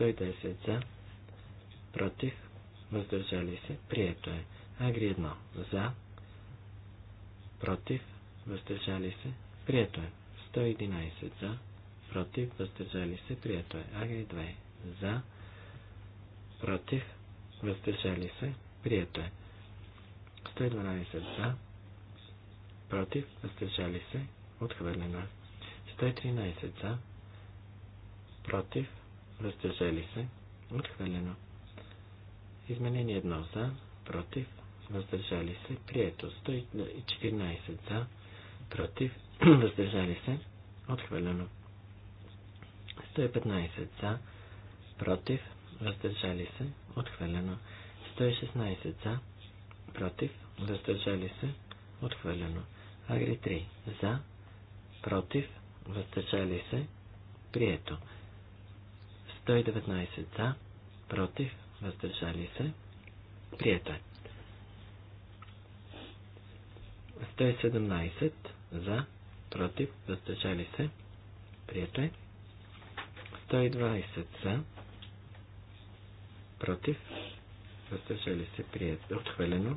110 за против. Въздържали се. Прието е. Агри 1 за против. Въздържали се. Прието е. 111 за против. Въздържали се. Прието е. Агри 2 за против, въздържали се, прието е. 112 за, против, въздържали се, отхвърлено е. 113 за, против, въздържали се, отхвърлено. Изменение 1 за, против, въздържали се, прието. 114 за, против, въздържали се, отхвърлено. 115 за, против, въздържали се, отхвърлено. 116 за, против, въздържали се, отхвърлено. Агри 3 за, против, въздържали се, прието. 119 за, против, въздържали се, прието 117 за, против, въздържали се, прието 120 за, против, въздържали се, прието, отхвърлено.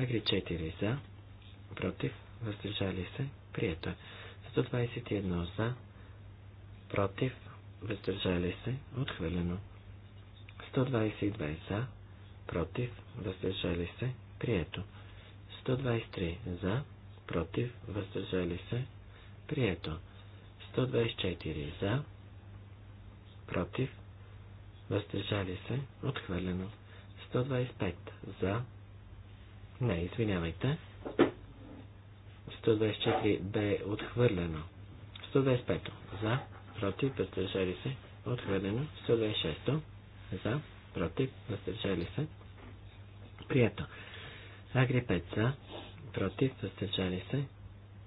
Агри 4 за, против, въздържали се, прието. 121 за, против, въздържали се, отхвърлено. 122 за, против, въздържали се, прието. 123 за, против, въздържали се, прието. 124 за, против, въздържали се, отхвърлено. 125 за, не, извинявайте, 124 бе отхвърлено. 125 за, против, въздържали се, отхвърлено. 126 за, против, въздържали се, прието. Агри 5 за, против, въздържали се,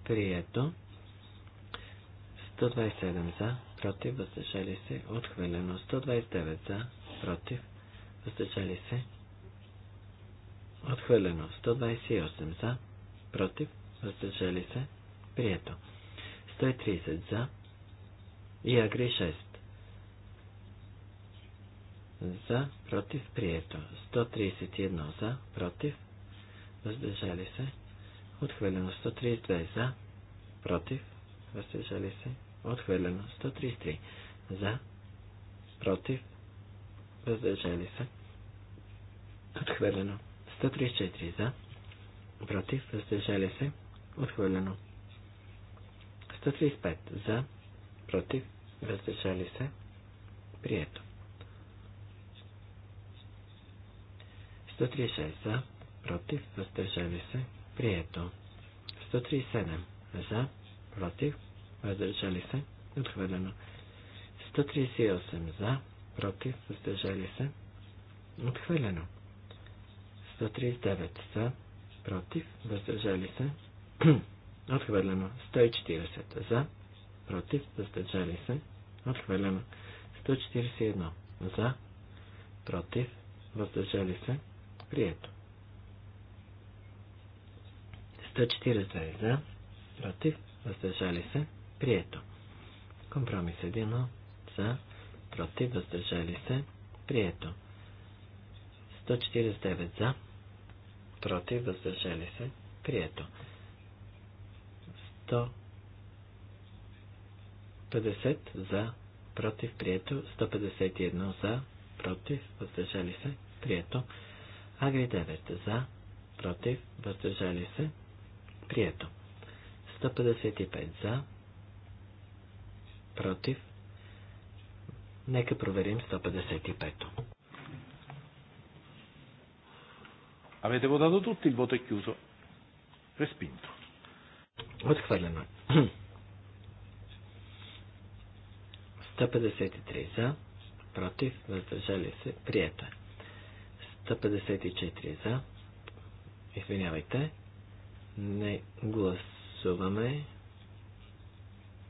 прието. 127 за, против, въздържали се, отхвърлено. 129 за, против, въздържали се, отхвърлено. 128 за, против, въздържали се, прието. 130 за и агри 6. За, против, прието. 131 за, против, въздържали се, отхвърлено. 132 за, против, въздържали се, Отхвърлено. 133. За. Против. Въздържали се. Отхвърлено. 134. За. Против. Въздържали се. Отхвърлено. 135. За. Против. Въздържали се. Прието. 136. За. Против. Въздържали се. Прието. 137. За. Против въздържали се, отхвърлено. 138 за, против, въздържали се, отхвърлено. 139 за, против, въздържали се, отхвърлено. 140 за, против, въздържали се, отхвърлено. 141 за, против, въздържали се, прието. 140, за, против, въздържали се, Прието. Компромис 1 за, против, въздържали се. Прието. 149 за, против, въздържали се. Прието. 150 за, против, прието. 151 за, против, въздържали се. Прието. Агри 9 за, против, въздържали се. Прието. 155 за, Против. Нека проверим 155-то. Avete votato tutti, il voto è chiuso. Respinto. Отхвърлено. 153 е. за, против, въздържали се, прието 154 е. за, извинявайте, не гласуваме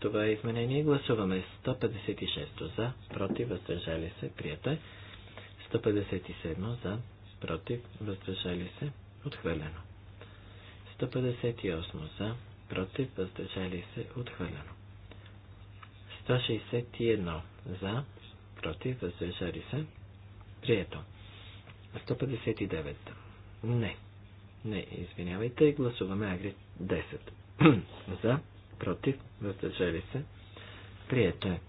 това изменение. Гласуваме 156 за, против, въздържали се, прията. 157 е. за, против, въздържали се, отхвърлено. 158 за, против, въздържали се, отхвърлено. 161 за, против, въздържали се, прието. 159. Не. Не, извинявайте, гласуваме Агри 10. за, против, въздържали се, прието е.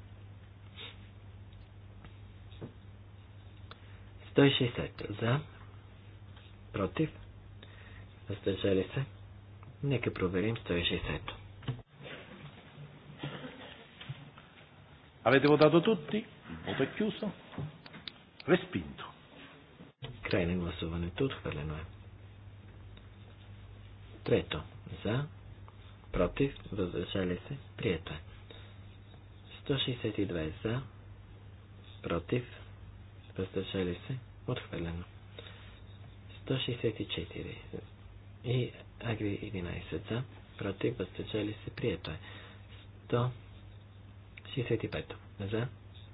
160 за, против, въздържали се. Нека проверим 160. Avete votato tutti? Voto è chiuso. Respinto. Край на гласуването отхвърлено noi. Е. Tretto. За против, въздържали се, прието е. 162 за, против, въздържали се, отхвърлено. 164 и Агри 11 за, против, въздържали се, прието е. 165 за,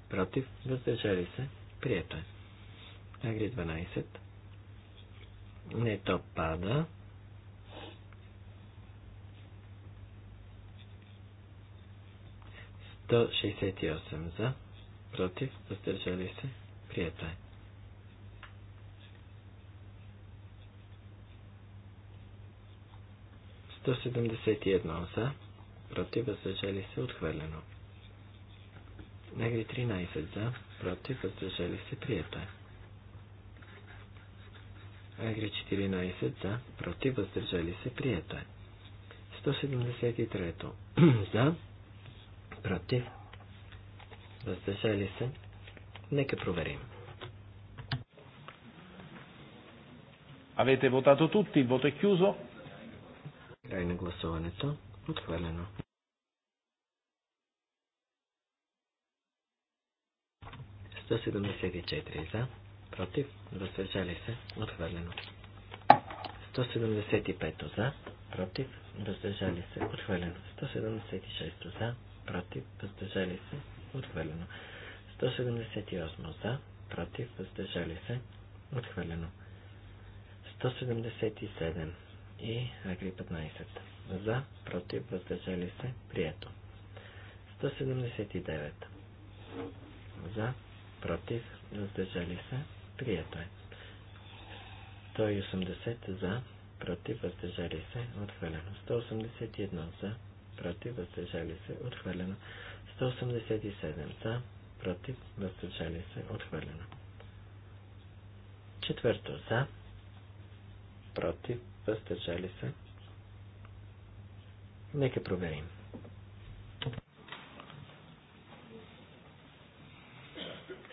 против, въздържали се, прието е. Агри 12. Не, то пада. 168 за, против, въздържали се, прието е. Сто седемдесет за, против, въздържали се, отхвърлено. Негри 13 за, против, въздържали се, прието е. Агри 14 за, против, въздържали се, прието е. 173 за, против, Въздържа ли се. Нека проверим. Avete votato tutti, il voto è chiuso. Край на гласуването. Отхвърлено. Сто за, против, въздържали се, отхвърлено. 175 за, против, въздържали се, отхвърлено. 176 за, против, въздържали се, отхвърлено. 178 за, против, въздържали се, отхвърлено. 177 и Агри 15 за, против, въздържали се, прието. 179 за, против, въздържали се, прието е. 180 за, против, въздържали се, отхвърлено. 181 за, против, въздържали се, отхвърлено. 187 за, против, въздържали се, отхвърлено. Четвърто за, против, въздържали се. Нека проверим.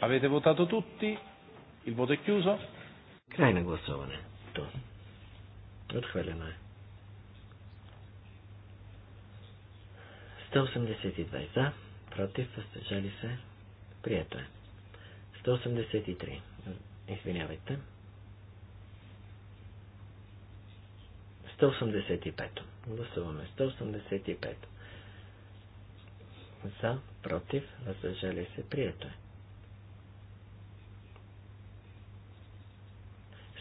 Avete votato tutti? Il voto è chiuso? Край гласоване. гласуването. Отхвърлено е. 182 за, против, въздържали се, прието е. 183, извинявайте. 185. Гласуваме 185. За, против, въздържали се, прието е.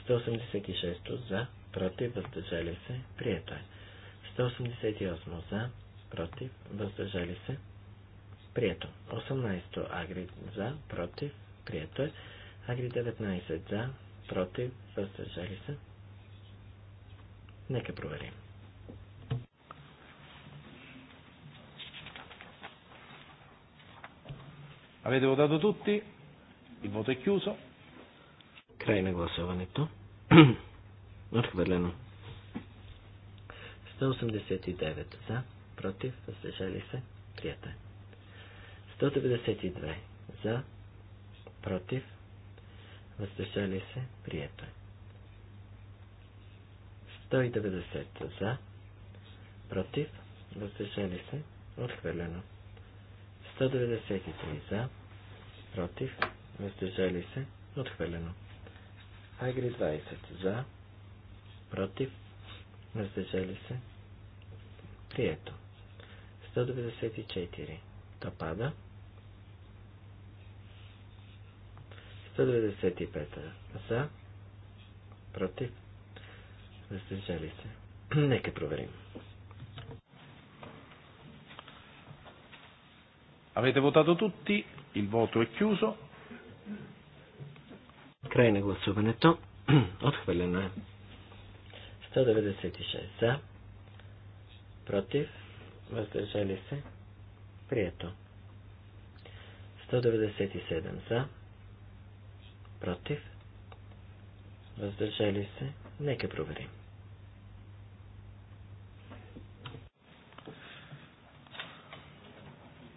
186 за, против, въздържали се, прието е. 188 за, против, въздържали се, прието. 18 агри за, против, прието е. Агри 19 за, против, въздържали се. Нека проверим. Avete votato tutti? Il voto è chiuso. Край на гласуването. Отхвърлено. 189 за против, въздържали се, прията. 192 е. за, против, въздържали се, прието 190 е. за, против, въздържали се, отхвърлено. 193 за, против, въздържали се, отхвърлено. Агри 20 за, против, въздържали се, прието. 194. Та пада. 195. За. Против. Въздържали се. Нека проверим. Avete votato tutti, il voto è chiuso. Край на гласуването. Отхвърлено е. 196 за. Против въздържали се, прието. 197 за, против, въздържали се, нека проверим.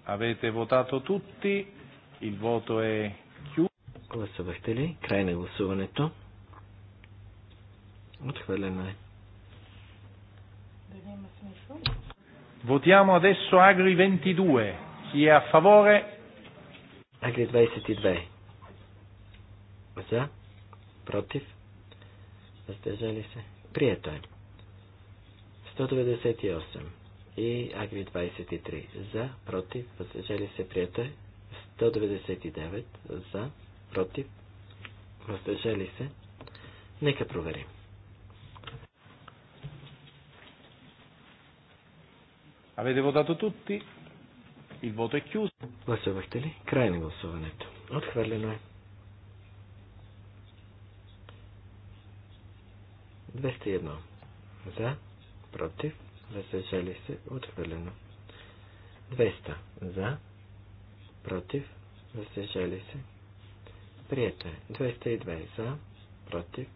Авете вотато тутти, И вото е Кю. Гласувахте ли? Край на гласуването. Отхвърлено е. Да няма смисъл. Votiamo adesso Agri 22. Chi è a favore? Agri 22. За? Против? Въздържали се? Прието е. 198. И Агри 23. За? Против? Въздържали се? Прието е. 199. За? Против? Въздържали се? Нека проверим. Avete votato tutti? Il voto е chiuso. Гласувахте ли? Край на гласуването. Отхвърлено е. 201. За, против, въздържали се, отхвърлено. 200. За, против, въздържали се. Прието е. 202. За, против,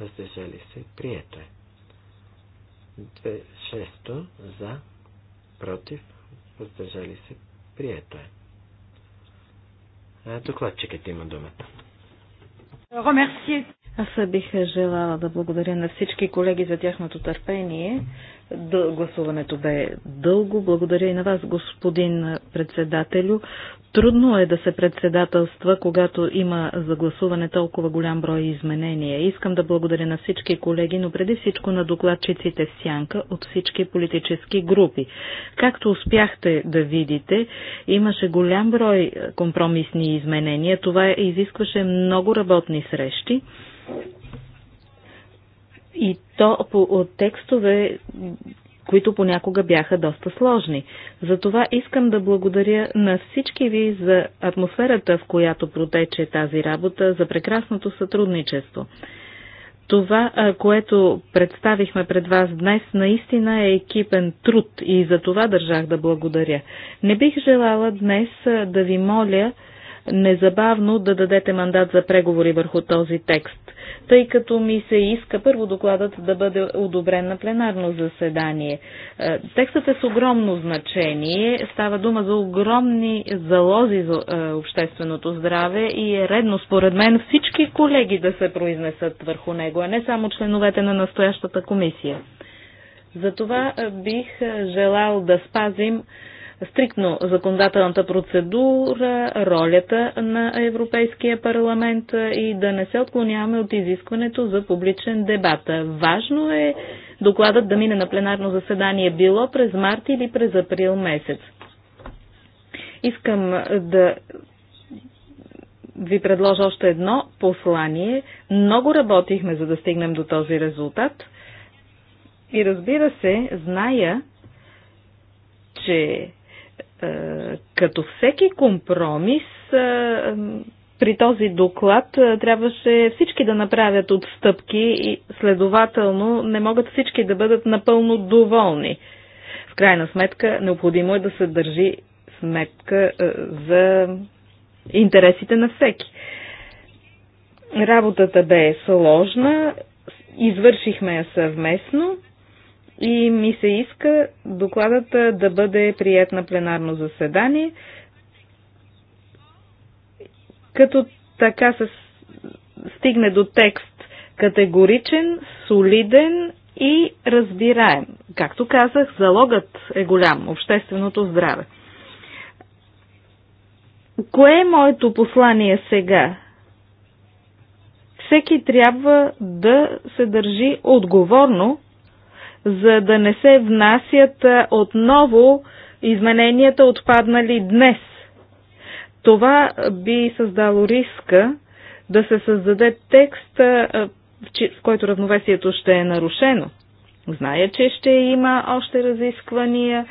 въздържали се. Прието е. 6. За, против, въздържали се, прието е. Докладчикът има думата. Аз бих желала да благодаря на всички колеги за тяхното търпение. Гласуването бе дълго. Благодаря и на вас, господин председателю. Трудно е да се председателства, когато има за гласуване толкова голям брой изменения. Искам да благодаря на всички колеги, но преди всичко на докладчиците в Сянка от всички политически групи. Както успяхте да видите, имаше голям брой компромисни изменения. Това изискваше много работни срещи. И то от текстове, които понякога бяха доста сложни. Затова искам да благодаря на всички ви за атмосферата, в която протече тази работа, за прекрасното сътрудничество. Това, което представихме пред вас днес, наистина е екипен труд и за това държах да благодаря. Не бих желала днес да ви моля незабавно да дадете мандат за преговори върху този текст тъй като ми се иска първо докладът да бъде одобрен на пленарно заседание. Е, текстът е с огромно значение. Става дума за огромни залози за е, общественото здраве и е редно според мен всички колеги да се произнесат върху него, а не само членовете на настоящата комисия. Затова е, бих желал да спазим стриктно законодателната процедура, ролята на Европейския парламент и да не се отклоняваме от изискването за публичен дебат. Важно е докладът да мине на пленарно заседание било през март или през април месец. Искам да ви предложа още едно послание. Много работихме, за да стигнем до този резултат. И разбира се, зная, че е, като всеки компромис, е, при този доклад е, трябваше всички да направят отстъпки и следователно не могат всички да бъдат напълно доволни. В крайна сметка, необходимо е да се държи сметка за интересите на всеки. Работата бе сложна, извършихме я съвместно и ми се иска докладът да бъде прият на пленарно заседание, като така се стигне до текст категоричен, солиден и разбираем. Както казах, залогът е голям, общественото здраве. Кое е моето послание сега? Всеки трябва да се държи отговорно за да не се внасят отново измененията отпаднали днес. Това би създало риска да се създаде текст, в който равновесието ще е нарушено. Зная, че ще има още разисквания,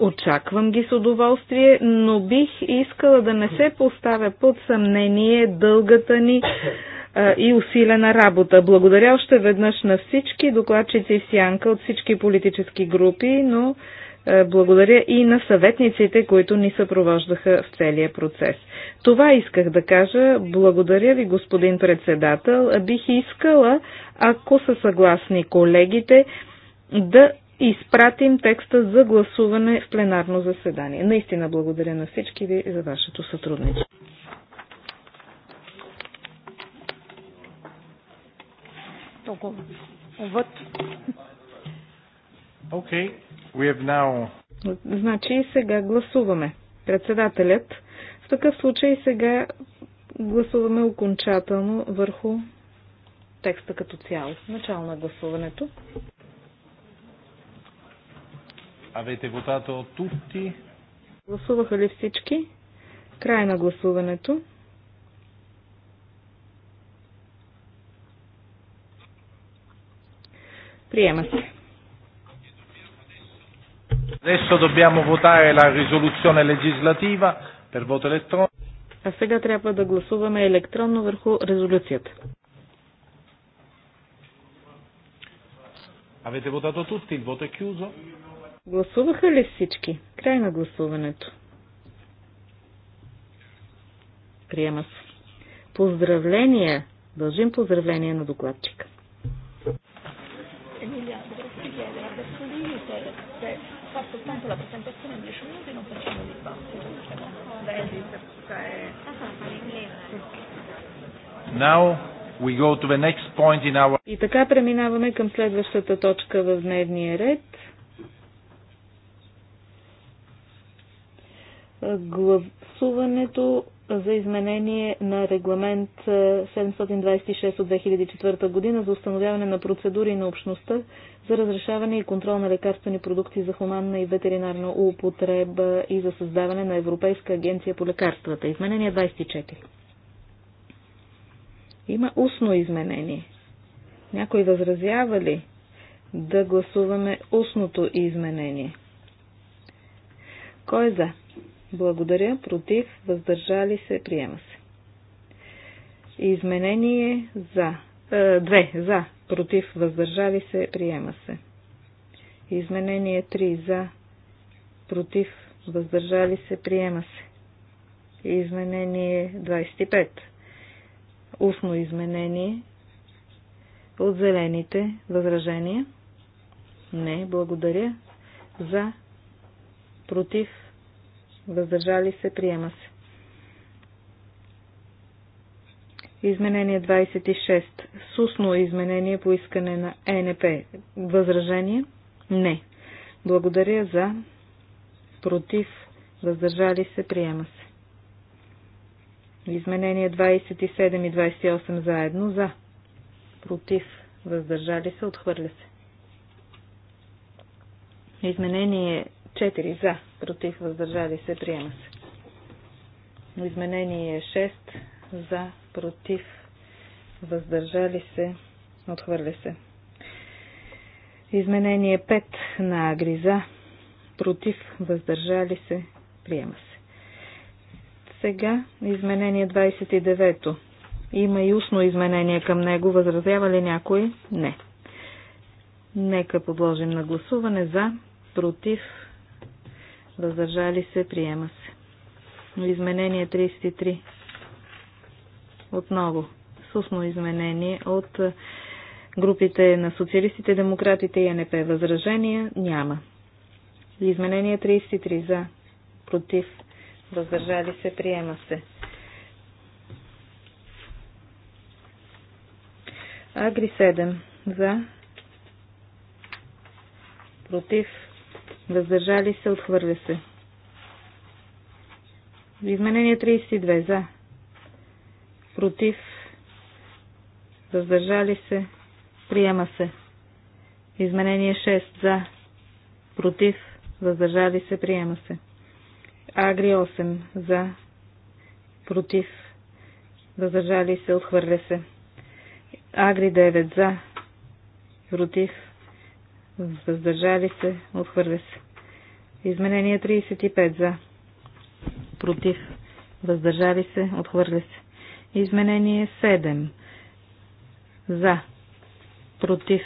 очаквам ги с удоволствие, но бих искала да не се поставя под съмнение дългата ни и усилена работа. Благодаря още веднъж на всички докладчици в Сянка от всички политически групи, но благодаря и на съветниците, които ни съпровождаха в целия процес. Това исках да кажа. Благодаря ви, господин председател. Бих искала, ако са съгласни колегите, да изпратим текста за гласуване в пленарно заседание. Наистина благодаря на всички ви за вашето сътрудничество. Donc on, on vote. We have now... Значи сега гласуваме. Председателят. В такъв случай сега гласуваме окончателно върху текста като цяло. Начало на гласуването. Avete от tutti? Гласуваха ли всички? Край на гласуването. Приема се. Adesso dobbiamo votare la risoluzione legislativa per voto elettronico. А сега трябва да гласуваме електронно върху резолюцията. Avete votato tutti, il voto è chiuso. Гласуваха ли всички? Край на гласуването. Приема се. Поздравления! Дължим поздравления на докладчика. soltanto la presentazione in 10 minuti non facciamo il dibattito. We go to the next point in our... И така преминаваме към следващата точка в дневния ред. Гласуването за изменение на регламент 726 е, от 2004 година за установяване на процедури на общността за разрешаване и контрол на лекарствени продукти за хуманна и ветеринарна употреба и за създаване на Европейска агенция по лекарствата. Изменение 24. Има устно изменение. Някой възразява ли да гласуваме устното изменение? Кой е за? Благодаря. Против. Въздържали се. Приема се. Изменение за. Е, две. За. Против. Въздържали се. Приема се. Изменение 3. За. Против. Въздържали се. Приема се. Изменение 25. Устно изменение от зелените. Възражение? Не. Благодаря. За. Против въздържали се, приема се. Изменение 26. Сусно изменение по искане на ЕНП. Възражение? Не. Благодаря за. Против. Въздържали се. Приема се. Изменение 27 и 28 заедно. За. Против. Въздържали се. Отхвърля се. Изменение 4 за, против, въздържали се, приема се. Изменение 6 за, против, въздържали се, отхвърля се. Изменение 5 на Агри за, против, въздържали се, приема се. Сега изменение 29. Има и устно изменение към него. Възразява ли някой? Не. Нека подложим на гласуване за, против, въздържали се, приема се. Изменение 33. Отново. Сусно изменение от групите на социалистите, демократите и НП. Възражения няма. Изменение 33. За. Против. Въздържали се, приема се. Агри 7. За. Против Въздържали се, отхвърля се. Изменение 32. За. Против. Въздържали се. Приема се. Изменение 6. За. Против. Въздържали се. Приема се. Агри 8. За. Против. Въздържали се. Отхвърля се. Агри 9. За. Против въздържали се, отхвърля се. Изменение 35 за, против, въздържали се, отхвърля се. Изменение 7 за, против,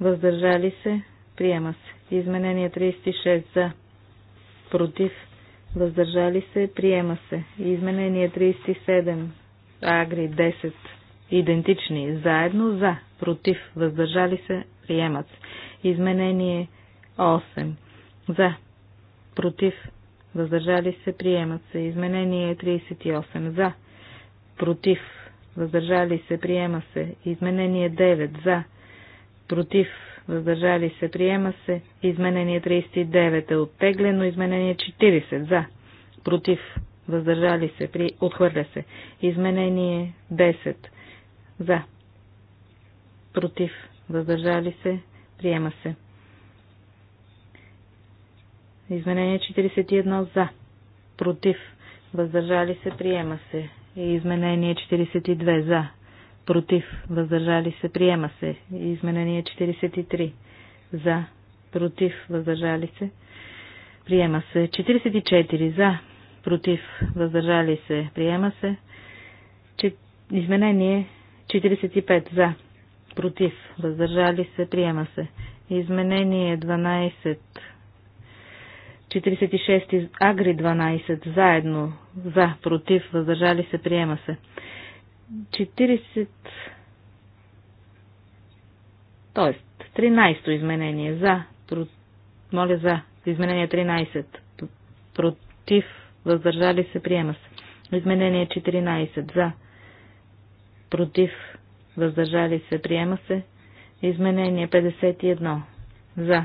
въздържали се, приема се. Изменение 36 за, против, въздържали се, приема се. Изменение 37, агри 10, идентични, заедно за, против, въздържали се, Приемат Изменение 8. За. Против. Въздържали се. Приемат се. Изменение 38. За. Против. Въздържали се. Приема се. Изменение 9. За. Против. Въздържали се. Приема се. Изменение 39 е оттеглено. Изменение 40. За. Против. Въздържали се. При... Отхвърля се. Изменение 10. За. Против въздържали се, приема се. Изменение 41 за, против, въздържали се, приема се. Изменение 42 за, против, въздържали се, приема се. Изменение 43 за, против, въздържали се, приема се. 44 за, против, въздържали се, приема се. Изменение 45 за, против, въздържали се, приема се. Изменение 12, 46, Агри 12, заедно, за, против, въздържали се, приема се. 40, Тоест. 13 изменение, за, про, моля за, изменение 13, против, въздържали се, приема се. Изменение 14, за, против, въздържали се, приема се. Изменение 51 за,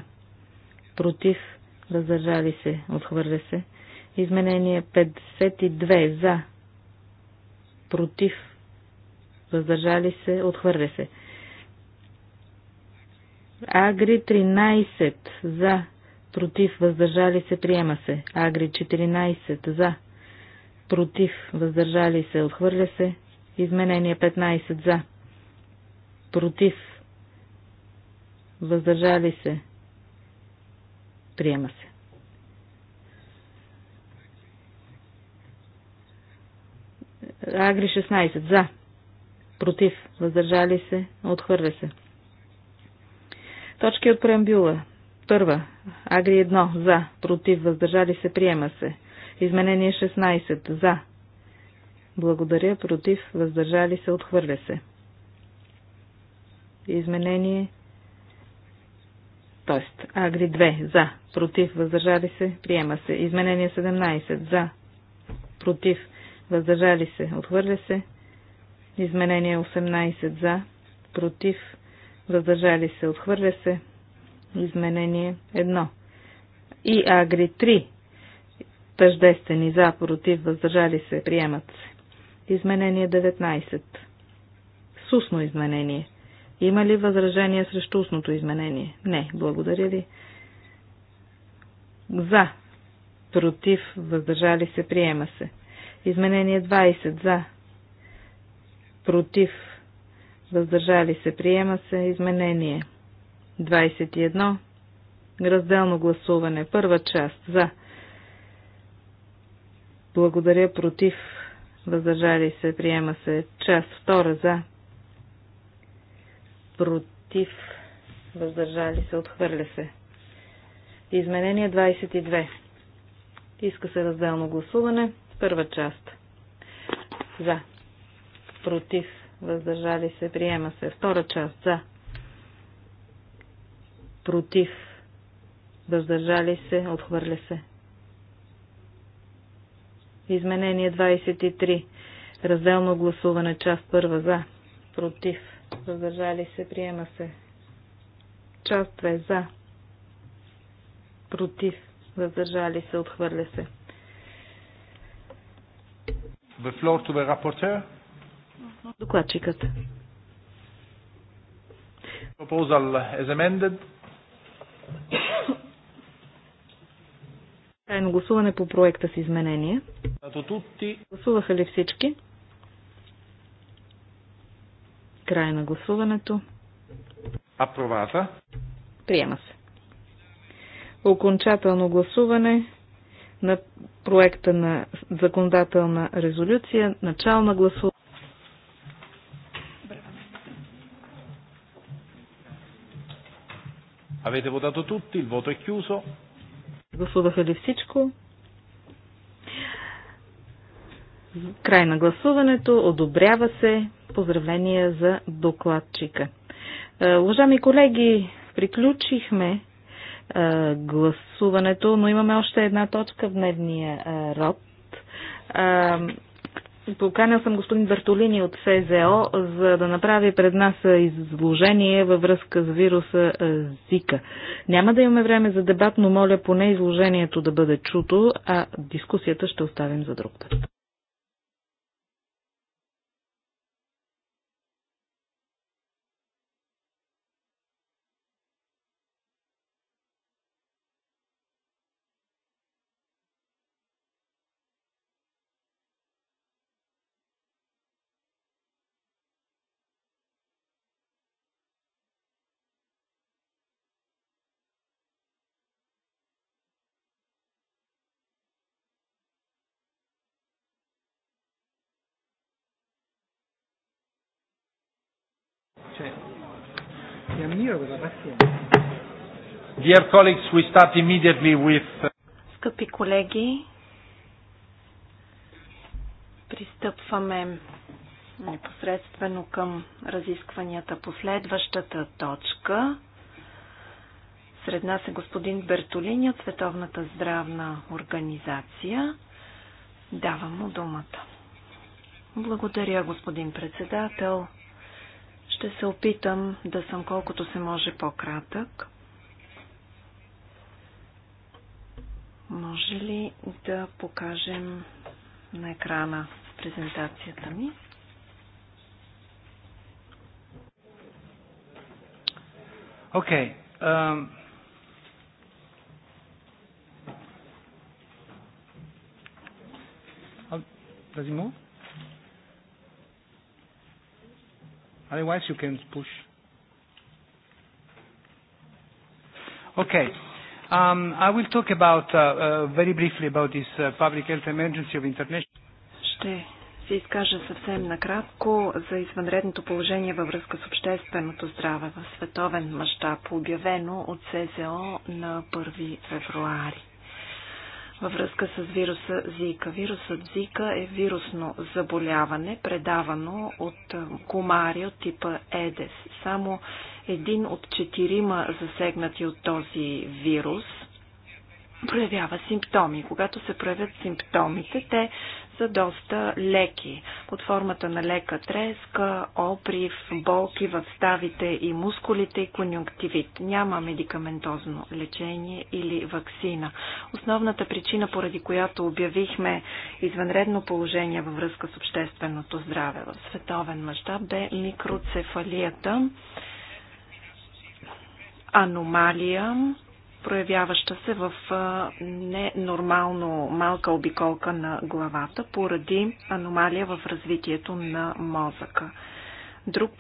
против, въздържали се, отхвърля се. Изменение 52 за, против, въздържали се, отхвърля се. Агри 13 за, против, въздържали се, приема се. Агри 14 за, против, въздържали се, отхвърля се. Изменение 15 за, против, въздържали се, приема се. Агри 16. За. Против. Въздържали се. Отхвърля се. Точки от преамбюла. Първа. Агри 1. За. Против. Въздържали се. Приема се. Изменение 16. За. Благодаря. Против. Въздържали се. Отхвърля се изменение, т.е. Агри 2 за, против, въздържали се, приема се. Изменение 17 за, против, въздържали се, отхвърля се. Изменение 18 за, против, въздържали се, отхвърля се. Изменение 1. И Агри 3 тъждествени за, против, въздържали се, приемат се. Изменение 19. Сусно изменение. Има ли възражение срещу устното изменение? Не. Благодаря ви. За. Против. Въздържали се. Приема се. Изменение 20. За. Против. Въздържали се. Приема се. Изменение 21. Разделно гласуване. Първа част. За. Благодаря. Против. Въздържали се. Приема се. Част. Втора. За против, въздържали се, отхвърля се. Изменение 22. Иска се разделно гласуване. Първа част. За. Против. Въздържали се. Приема се. Втора част. За. Против. Въздържали се. Отхвърля се. Изменение 23. Разделно гласуване. Част първа. За. Против въздържали се, приема се. Част 2 за, против, въздържали се, отхвърля се. The floor to the rapporteur. Докладчикът. Proposal is amended. Тайно гласуване по проекта с изменение. Гласуваха ли всички? Край на гласуването. Апровата. Приема се. Окончателно гласуване на проекта на законодателна резолюция, начална гласуване. Avete votato tutti, il voto è chiuso. Гласуваха ли всичко? Край на гласуването. Одобрява се. Поздравления за докладчика. Е, уважаеми колеги, приключихме е, гласуването, но имаме още една точка в дневния е, род. Поканял съм господин Бертолини от СЗО, за да направи пред нас изложение във връзка с вируса Зика. Няма да имаме време за дебат, но моля поне изложението да бъде чуто, а дискусията ще оставим за друг път. Dear colleagues, we start immediately with... Uh, Скъпи колеги, пристъпваме непосредствено към разискванията по следващата точка. Сред нас е господин Бертолини от Световната здравна организация. Давам му думата. Благодаря, господин председател. Ще се опитам да съм колкото се може по-кратък. Може ли да покажем на екрана презентацията ми? Okay. Um, vas-y, move. Otherwise, you can push. Okay. Um, I will talk about uh, uh, very briefly about this uh, public health emergency of international. Ще се изкажа съвсем накратко за извънредното положение във връзка с общественото здраве в световен мащаб, обявено от СЗО на 1 февруари във връзка с вируса Зика. Вирусът Зика е вирусно заболяване, предавано от е, комари от типа Едес. Само един от четирима засегнати от този вирус проявява симптоми. Когато се проявят симптомите, те са доста леки. Под формата на лека треска, оприв, болки в ставите и мускулите и конюнктивит. Няма медикаментозно лечение или вакцина. Основната причина, поради която обявихме извънредно положение във връзка с общественото здраве в световен мащаб, бе микроцефалията аномалия, проявяваща се в ненормално малка обиколка на главата поради аномалия в развитието на мозъка. Друг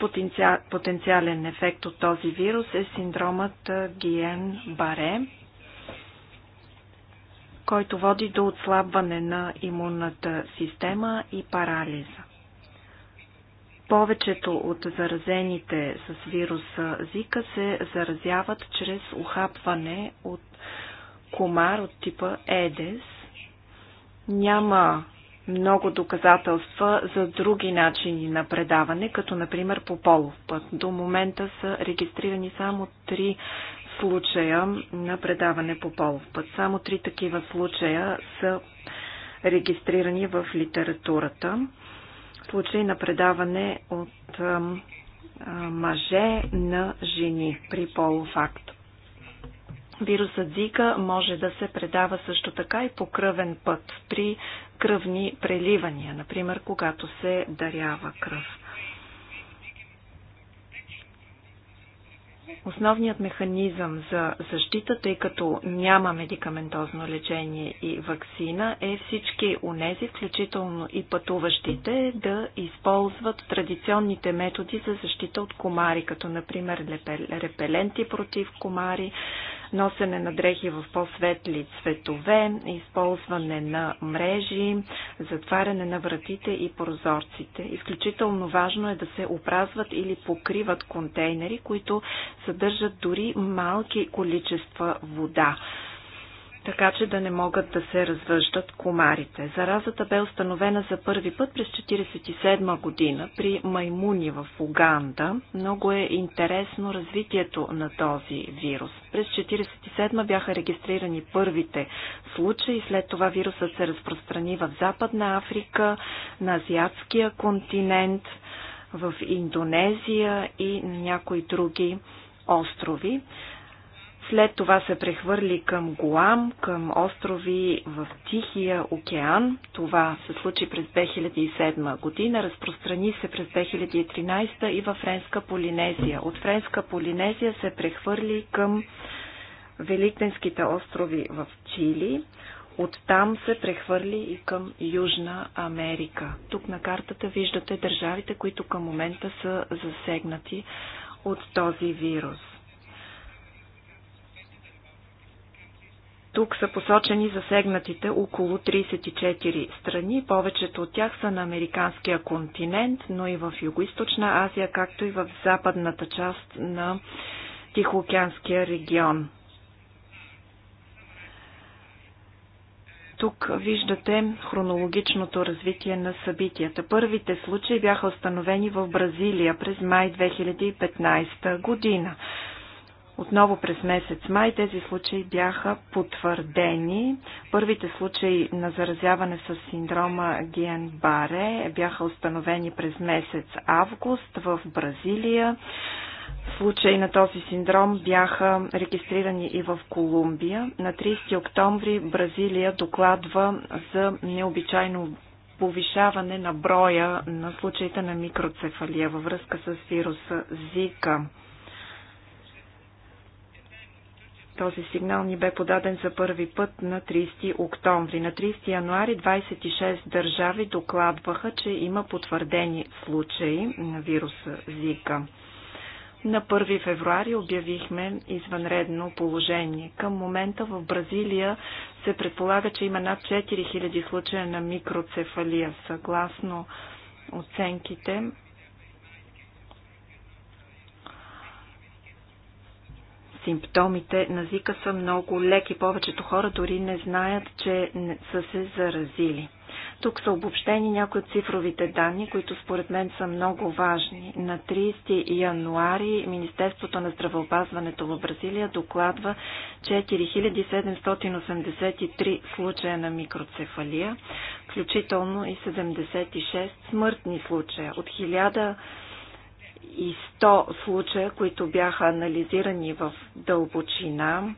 потенциален ефект от този вирус е синдромът Гиен-Баре, който води до отслабване на имунната система и парализа. Повечето от заразените с вируса Зика се заразяват чрез ухапване от комар от типа Едес. Няма много доказателства за други начини на предаване, като например по полов път. До момента са регистрирани само три случая на предаване по полов път. Само три такива случая са регистрирани в литературата случай на предаване от мъже на жени при полуфакто. Вирусът Зика може да се предава също така и по кръвен път при кръвни преливания, например когато се дарява кръв. Основният механизъм за защита, тъй като няма медикаментозно лечение и вакцина, е всички унези, включително и пътуващите, да използват традиционните методи за защита от комари, като например репеленти против комари, носене на дрехи в по-светли цветове, използване на мрежи, затваряне на вратите и прозорците. Изключително важно е да се опразват или покриват контейнери, които съдържат дори малки количества вода така че да не могат да се развъждат комарите. Заразата бе установена за първи път през 1947 година при маймуни в Уганда. Много е интересно развитието на този вирус. През 1947 бяха регистрирани първите случаи, след това вирусът се разпространи в Западна Африка, на Азиатския континент, в Индонезия и на някои други острови. След това се прехвърли към Гуам, към острови в Тихия океан. Това се случи през 2007 година, разпространи се през 2013 и във Френска Полинезия. От Френска Полинезия се прехвърли към Великденските острови в Чили. Оттам се прехвърли и към Южна Америка. Тук на картата виждате държавите, които към момента са засегнати от този вирус. Тук са посочени засегнатите около 34 страни. Повечето от тях са на американския континент, но и в Юго-Источна Азия, както и в западната част на Тихоокеанския регион. Тук виждате хронологичното развитие на събитията. Първите случаи бяха установени в Бразилия през май 2015 година. Отново през месец май тези случаи бяха потвърдени. Първите случаи на заразяване с синдрома Ген-Баре бяха установени през месец август в Бразилия. Случаи на този синдром бяха регистрирани и в Колумбия. На 30 октомври Бразилия докладва за необичайно повишаване на броя на случаите на микроцефалия във връзка с вируса Зика. Този сигнал ни бе подаден за първи път на 30 октомври. На 30 януари 26 държави докладваха, че има потвърдени случаи на вируса Зика. На 1 февруари обявихме извънредно положение. Към момента в Бразилия се предполага, че има над 4000 случая на микроцефалия. Съгласно оценките, Симптомите на зика са много леки. Повечето хора дори не знаят, че са се заразили. Тук са обобщени някои от цифровите данни, които според мен са много важни. На 30 януари Министерството на здравеопазването в Бразилия докладва 4783 случая на микроцефалия, включително и 76 смъртни случая. От 1000 100 случая, които бяха анализирани в дълбочина.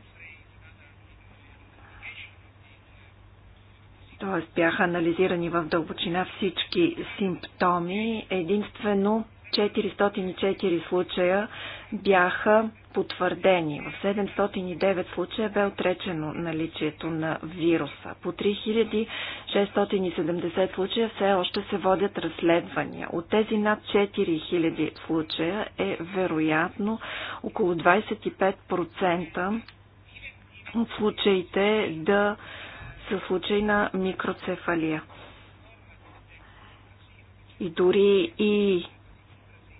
т.е. бяха анализирани в дълбочина всички симптоми. Единствено 404 случая бяха потвърдени. В 709 случая бе отречено наличието на вируса. По 3670 случая все още се водят разследвания. От тези над 4000 случая е вероятно около 25% от случаите да са случаи на микроцефалия. И дори и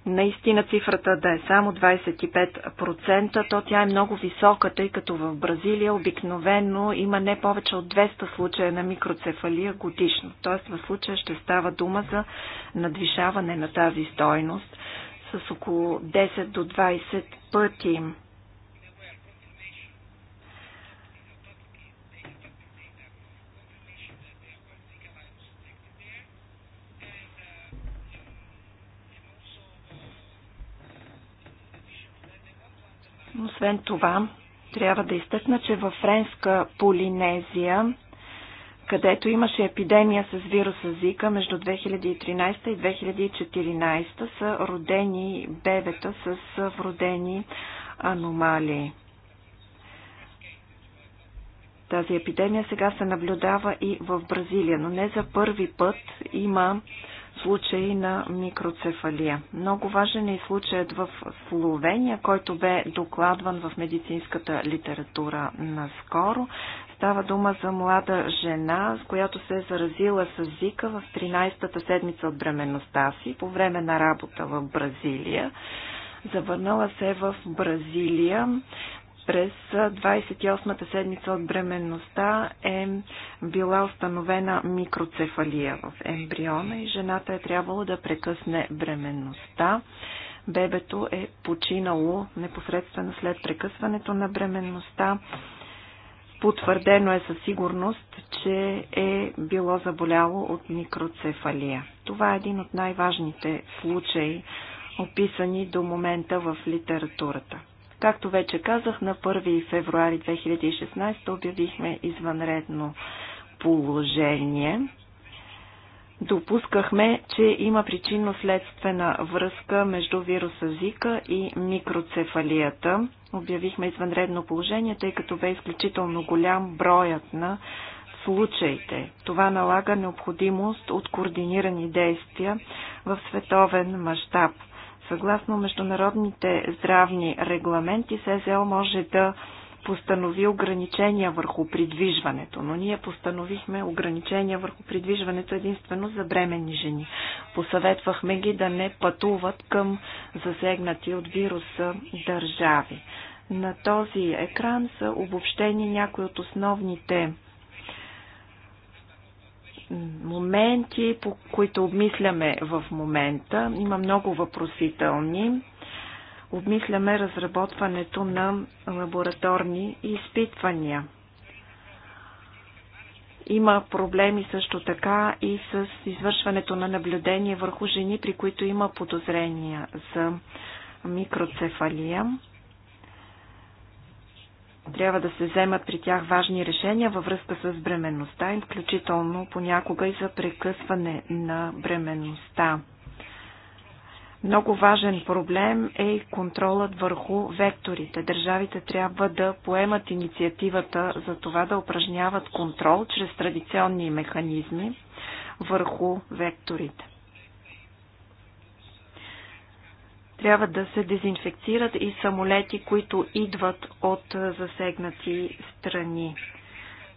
наистина цифрата да е само 25%, то тя е много висока, тъй като в Бразилия обикновено има не повече от 200 случая на микроцефалия годишно. Тоест в случая ще става дума за надвишаване на тази стойност с около 10 до 20 пъти. Освен това, трябва да изтъкна, че във Френска Полинезия, където имаше епидемия с вируса Зика между 2013 и 2014, са родени бебета с вродени аномалии. Тази епидемия сега се наблюдава и в Бразилия, но не за първи път има случаи на микроцефалия. Много важен е и случаят в Словения, който бе докладван в медицинската литература наскоро. Става дума за млада жена, с която се е заразила с зика в 13-та седмица от бременността си по време на работа в Бразилия. Завърнала се е в Бразилия през 28-та седмица от бременността е била установена микроцефалия в ембриона и жената е трябвало да прекъсне бременността. Бебето е починало непосредствено след прекъсването на бременността. Потвърдено е със сигурност, че е било заболяло от микроцефалия. Това е един от най-важните случаи, описани до момента в литературата. Както вече казах, на 1 февруари 2016 обявихме извънредно положение. Допускахме, че има причинно-следствена връзка между вируса Зика и микроцефалията. Обявихме извънредно положение, тъй като бе изключително голям броят на случаите. Това налага необходимост от координирани действия в световен мащаб – Съгласно международните здравни регламенти, СЗО може да постанови ограничения върху придвижването, но ние постановихме ограничения върху придвижването единствено за бременни жени. Посъветвахме ги да не пътуват към засегнати от вируса държави. На този екран са обобщени някои от основните моменти, по които обмисляме в момента. Има много въпросителни. Обмисляме разработването на лабораторни изпитвания. Има проблеми също така и с извършването на наблюдение върху жени, при които има подозрения за микроцефалия трябва да се вземат при тях важни решения във връзка с бременността, включително понякога и за прекъсване на бременността. Много важен проблем е и контролът върху векторите. Държавите трябва да поемат инициативата за това да упражняват контрол чрез традиционни механизми върху векторите. Трябва да се дезинфекцират и самолети, които идват от засегнати страни.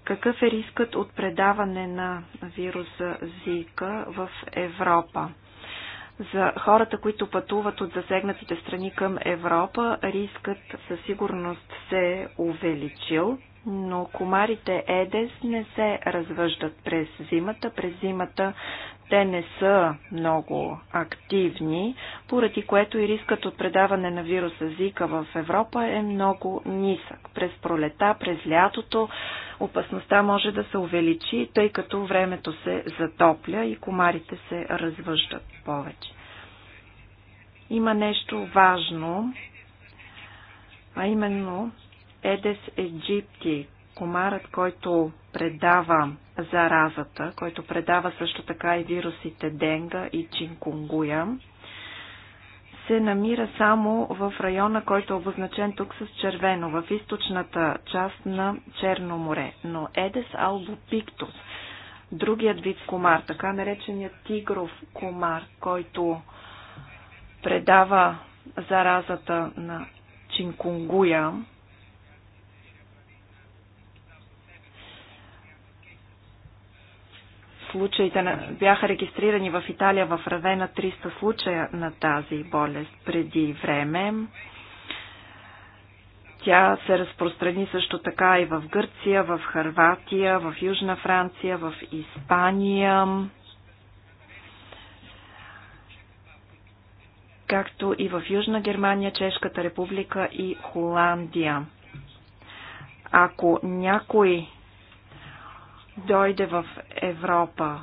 Какъв е рискът от предаване на вируса Зика в Европа? За хората, които пътуват от засегнатите страни към Европа, рискът със сигурност се е увеличил но комарите Едес не се развъждат през зимата. През зимата те не са много активни, поради което и рискът от предаване на вируса Зика в Европа е много нисък. През пролета, през лятото опасността може да се увеличи, тъй като времето се затопля и комарите се развъждат повече. Има нещо важно, а именно Едес Еджипти, комарът, който предава заразата, който предава също така и вирусите Денга и Чинкунгуя, се намира само в района, който е обозначен тук с червено, в източната част на Черно море. Но Едес албопиктус, другият вид комар, така нареченият тигров комар, който предава заразата на Чинкунгуя, случаите на... бяха регистрирани в Италия в Равена 300 случая на тази болест преди време. Тя се разпространи също така и в Гърция, в Харватия, в Южна Франция, в Испания, както и в Южна Германия, Чешката република и Холандия. Ако някой дойде в Европа,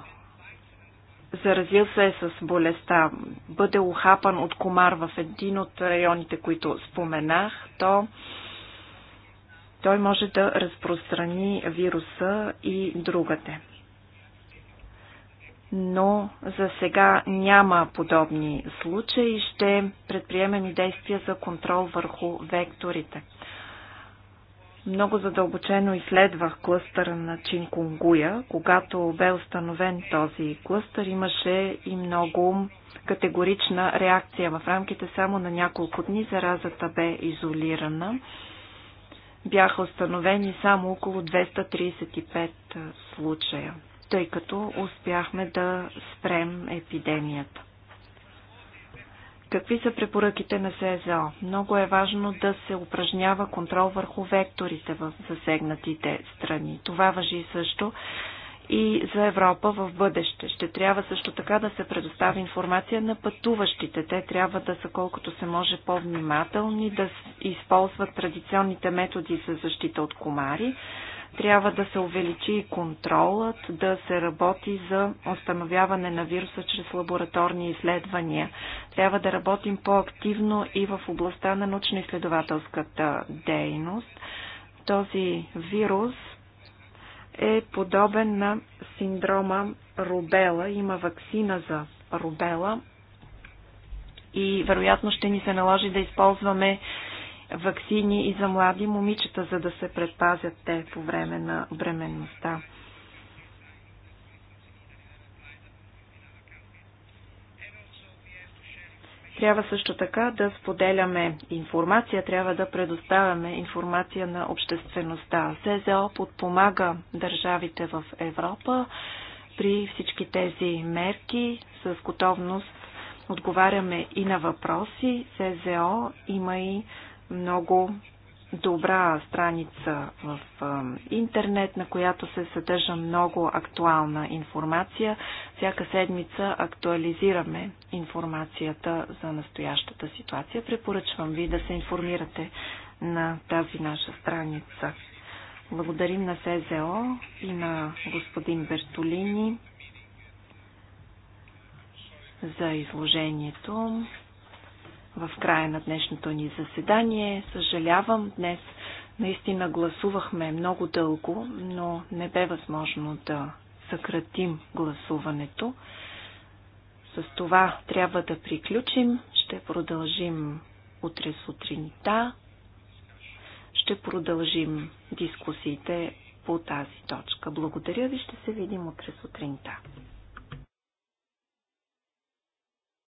заразил се е с болестта, бъде ухапан от комар в един от районите, които споменах, то той може да разпространи вируса и другате. Но за сега няма подобни случаи. Ще предприемем и действия за контрол върху векторите. Много задълбочено изследвах клъстъра на Чинкунгуя. Когато бе установен този клъстър, имаше и много категорична реакция. В рамките само на няколко дни заразата бе изолирана. Бяха установени само около 235 случая, тъй като успяхме да спрем епидемията. Какви са препоръките на СЗО? Много е важно да се упражнява контрол върху векторите в засегнатите страни. Това въжи също и за Европа в бъдеще. Ще трябва също така да се предостави информация на пътуващите. Те трябва да са колкото се може по-внимателни, да използват традиционните методи за защита от комари, трябва да се увеличи и контролът, да се работи за установяване на вируса чрез лабораторни изследвания. Трябва да работим по-активно и в областта на научно-изследователската дейност. Този вирус е подобен на синдрома рубела. Има вакцина за рубела и вероятно ще ни се наложи да използваме ваксини и за млади момичета, за да се предпазят те по време на бременността. Трябва също така да споделяме информация, трябва да предоставяме информация на обществеността. СЗО подпомага държавите в Европа при всички тези мерки с готовност отговаряме и на въпроси. СЗО има и много добра страница в интернет, на която се съдържа много актуална информация. Всяка седмица актуализираме информацията за настоящата ситуация. Препоръчвам ви да се информирате на тази наша страница. Благодарим на СЗО и на господин Бертолини за изложението в края на днешното ни заседание. Съжалявам, днес наистина гласувахме много дълго, но не бе възможно да съкратим гласуването. С това трябва да приключим. Ще продължим утре сутринта. Ще продължим дискусиите по тази точка. Благодаря ви, ще се видим утре сутринта.